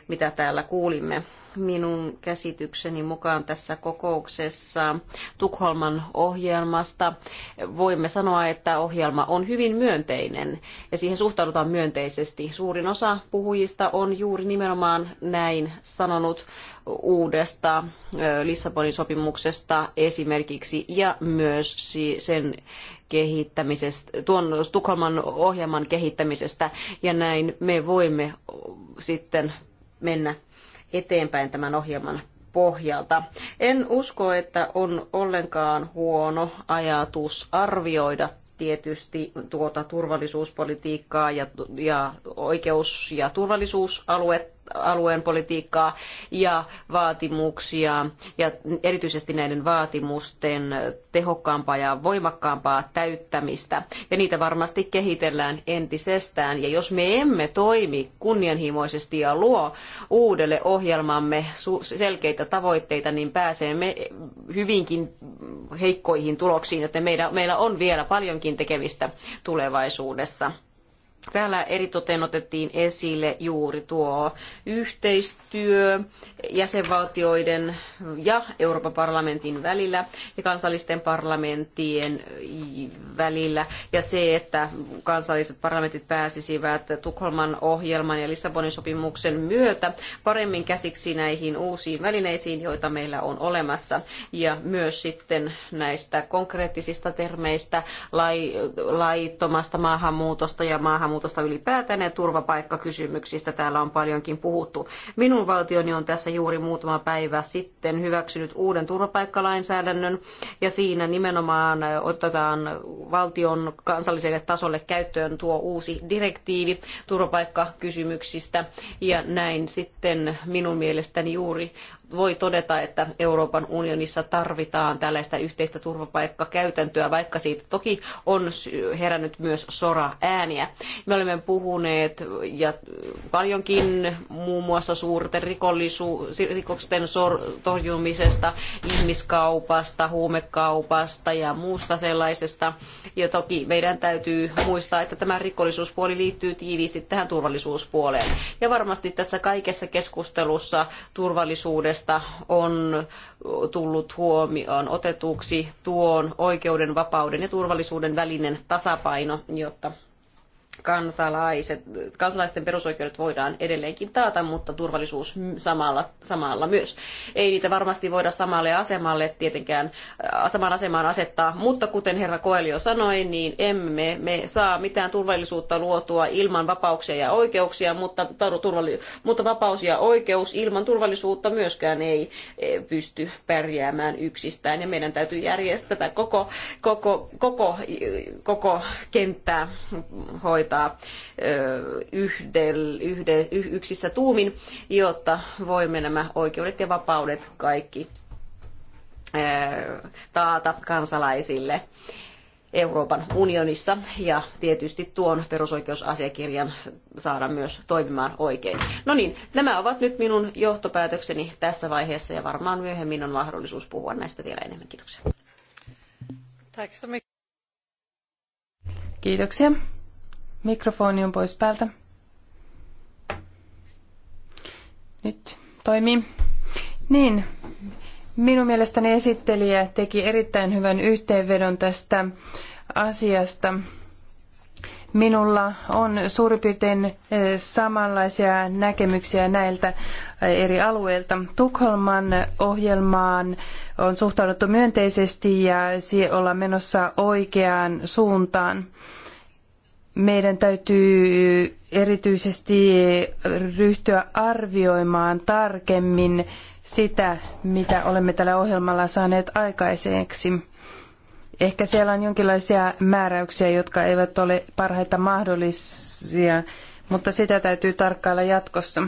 mitä täällä kuulimme. Minun käsitykseni mukaan tässä kokouksessa Tukholman ohjelmasta voimme sanoa, että ohjelma on hyvin myönteinen ja siihen suhtaudutaan myönteisesti. Suurin osa puhujista on juuri nimenomaan näin sanonut uudesta Lissabonin sopimuksesta esimerkiksi ja myös sen kehittämisestä, tuon Tukholman ohjelman kehittämisestä ja näin me voimme sitten mennä eteenpäin tämän ohjelman pohjalta. En usko, että on ollenkaan huono ajatus arvioida tietysti tuota turvallisuuspolitiikkaa ja, ja oikeus- ja turvallisuusaluetta alueen politiikkaa ja vaatimuksia ja erityisesti näiden vaatimusten tehokkaampaa ja voimakkaampaa täyttämistä. Ja niitä varmasti kehitellään entisestään. Ja jos me emme toimi kunnianhimoisesti ja luo uudelle ohjelmamme selkeitä tavoitteita, niin pääsemme hyvinkin heikkoihin tuloksiin, joten meillä on vielä paljonkin tekemistä tulevaisuudessa. Täällä eritoten otettiin esille juuri tuo yhteistyö jäsenvaltioiden ja Euroopan parlamentin välillä ja kansallisten parlamenttien välillä ja se, että kansalliset parlamentit pääsisivät Tukholman ohjelman ja Lissabonin sopimuksen myötä paremmin käsiksi näihin uusiin välineisiin, joita meillä on olemassa ja myös sitten näistä konkreettisista termeistä lai, laittomasta maahanmuutosta ja maahanmuutosta maahanmuutosta ylipäätään ja turvapaikkakysymyksistä täällä on paljonkin puhuttu. Minun valtioni on tässä juuri muutama päivä sitten hyväksynyt uuden turvapaikkalainsäädännön ja siinä nimenomaan otetaan valtion kansalliselle tasolle käyttöön tuo uusi direktiivi turvapaikkakysymyksistä ja näin sitten minun mielestäni juuri voi todeta, että Euroopan unionissa tarvitaan tällaista yhteistä turvapaikkakäytäntöä, vaikka siitä toki on herännyt myös sora ääniä. Me olemme puhuneet ja paljonkin muun muassa suurten rikosten torjumisesta, ihmiskaupasta, huumekaupasta ja muusta sellaisesta. Ja toki meidän täytyy muistaa, että tämä rikollisuuspuoli liittyy tiiviisti tähän turvallisuuspuoleen. Ja varmasti tässä kaikessa keskustelussa turvallisuudesta on tullut huomioon otetuksi tuon oikeuden, vapauden ja turvallisuuden välinen tasapaino, jotta kansalaiset, kansalaisten perusoikeudet voidaan edelleenkin taata, mutta turvallisuus samalla, samalla myös. Ei niitä varmasti voida samalle asemalle tietenkään äh, samaan asemaan asettaa, mutta kuten herra Koelio sanoi, niin emme me saa mitään turvallisuutta luotua ilman vapauksia ja oikeuksia, mutta, turvalli, mutta vapaus ja oikeus ilman turvallisuutta myöskään ei e, pysty pärjäämään yksistään ja meidän täytyy järjestää koko, koko, koko, koko kenttää hoitaa hoitaa yhdel, yhde, yksissä tuumin, jotta voimme nämä oikeudet ja vapaudet kaikki taata kansalaisille. Euroopan unionissa ja tietysti tuon perusoikeusasiakirjan saada myös toimimaan oikein. No niin, nämä ovat nyt minun johtopäätökseni tässä vaiheessa ja varmaan myöhemmin on mahdollisuus puhua näistä vielä enemmän. Kiitoksia. Kiitoksia. Mikrofoni on pois päältä. Nyt toimii. Niin, minun mielestäni esittelijä teki erittäin hyvän yhteenvedon tästä asiasta. Minulla on suurin piirtein eh, samanlaisia näkemyksiä näiltä eh, eri alueilta. Tukholman ohjelmaan on suhtauduttu myönteisesti ja siellä ollaan menossa oikeaan suuntaan meidän täytyy erityisesti ryhtyä arvioimaan tarkemmin sitä, mitä olemme tällä ohjelmalla saaneet aikaiseksi. Ehkä siellä on jonkinlaisia määräyksiä, jotka eivät ole parhaita mahdollisia, mutta sitä täytyy tarkkailla jatkossa.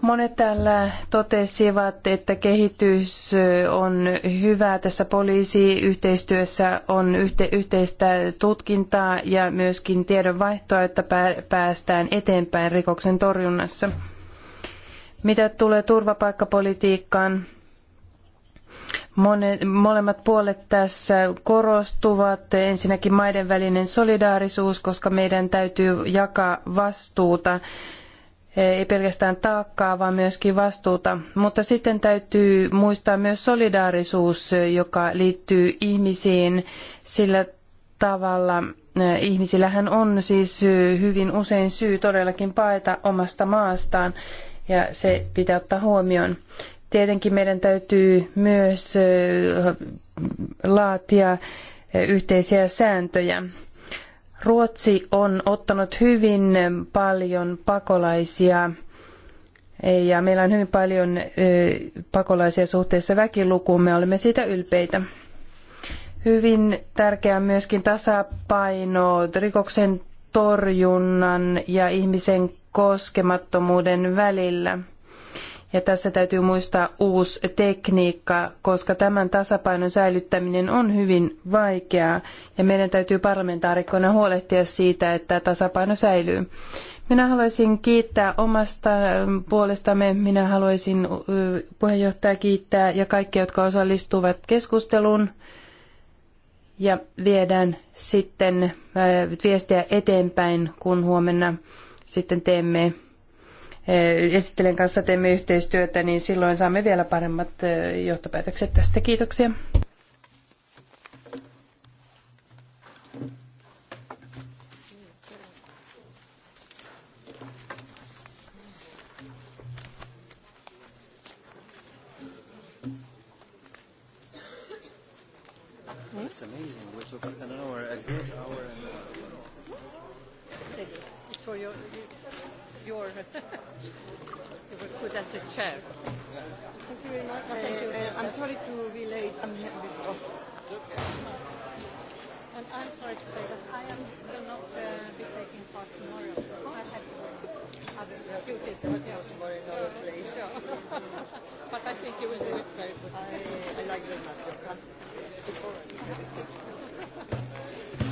Monet täällä totesivat, että kehitys on hyvää tässä poliisiyhteistyössä, on yhteistä tutkintaa ja myöskin tiedonvaihtoa, että päästään eteenpäin rikoksen torjunnassa. Mitä tulee turvapaikkapolitiikkaan, molemmat puolet tässä korostuvat. Ensinnäkin maiden välinen solidaarisuus, koska meidän täytyy jakaa vastuuta ei pelkästään taakkaa, vaan myöskin vastuuta. Mutta sitten täytyy muistaa myös solidaarisuus, joka liittyy ihmisiin sillä tavalla. Ihmisillähän on siis hyvin usein syy todellakin paeta omasta maastaan ja se pitää ottaa huomioon. Tietenkin meidän täytyy myös laatia yhteisiä sääntöjä. Ruotsi on ottanut hyvin paljon pakolaisia eh, ja meillä on hyvin paljon eh, pakolaisia suhteessa väkilukuun. Me olemme siitä ylpeitä. Hyvin tärkeää on myöskin tasapaino rikoksen torjunnan ja ihmisen koskemattomuuden välillä – ja tässä täytyy muistaa uusi tekniikka, koska tämän tasapainon säilyttäminen on hyvin vaikeaa ja meidän täytyy parlamentaarikkoina huolehtia siitä, että tasapaino säilyy. Minä haluaisin kiittää omasta puolestamme, minä haluaisin puheenjohtaja kiittää ja kaikki, jotka osallistuvat keskusteluun ja viedään sitten viestiä eteenpäin, kun huomenna sitten teemme Eh, esittelijän kanssa teemme yhteistyötä, niin silloin saamme vielä paremmat eh, johtopäätökset tästä. Kiitoksia. It's amazing. an hour, a good hour and a for your your you were good as a chair. Thank you very much. Uh, thank you. Uh, uh, I'm sorry to be late. I'm here a bit off. It's okay. And I'm sorry to say that I am will not uh, be taking part tomorrow. I have other duties tomorrow in other place. So. [laughs] but I think you will do it very good. I, I like very much your country. [laughs]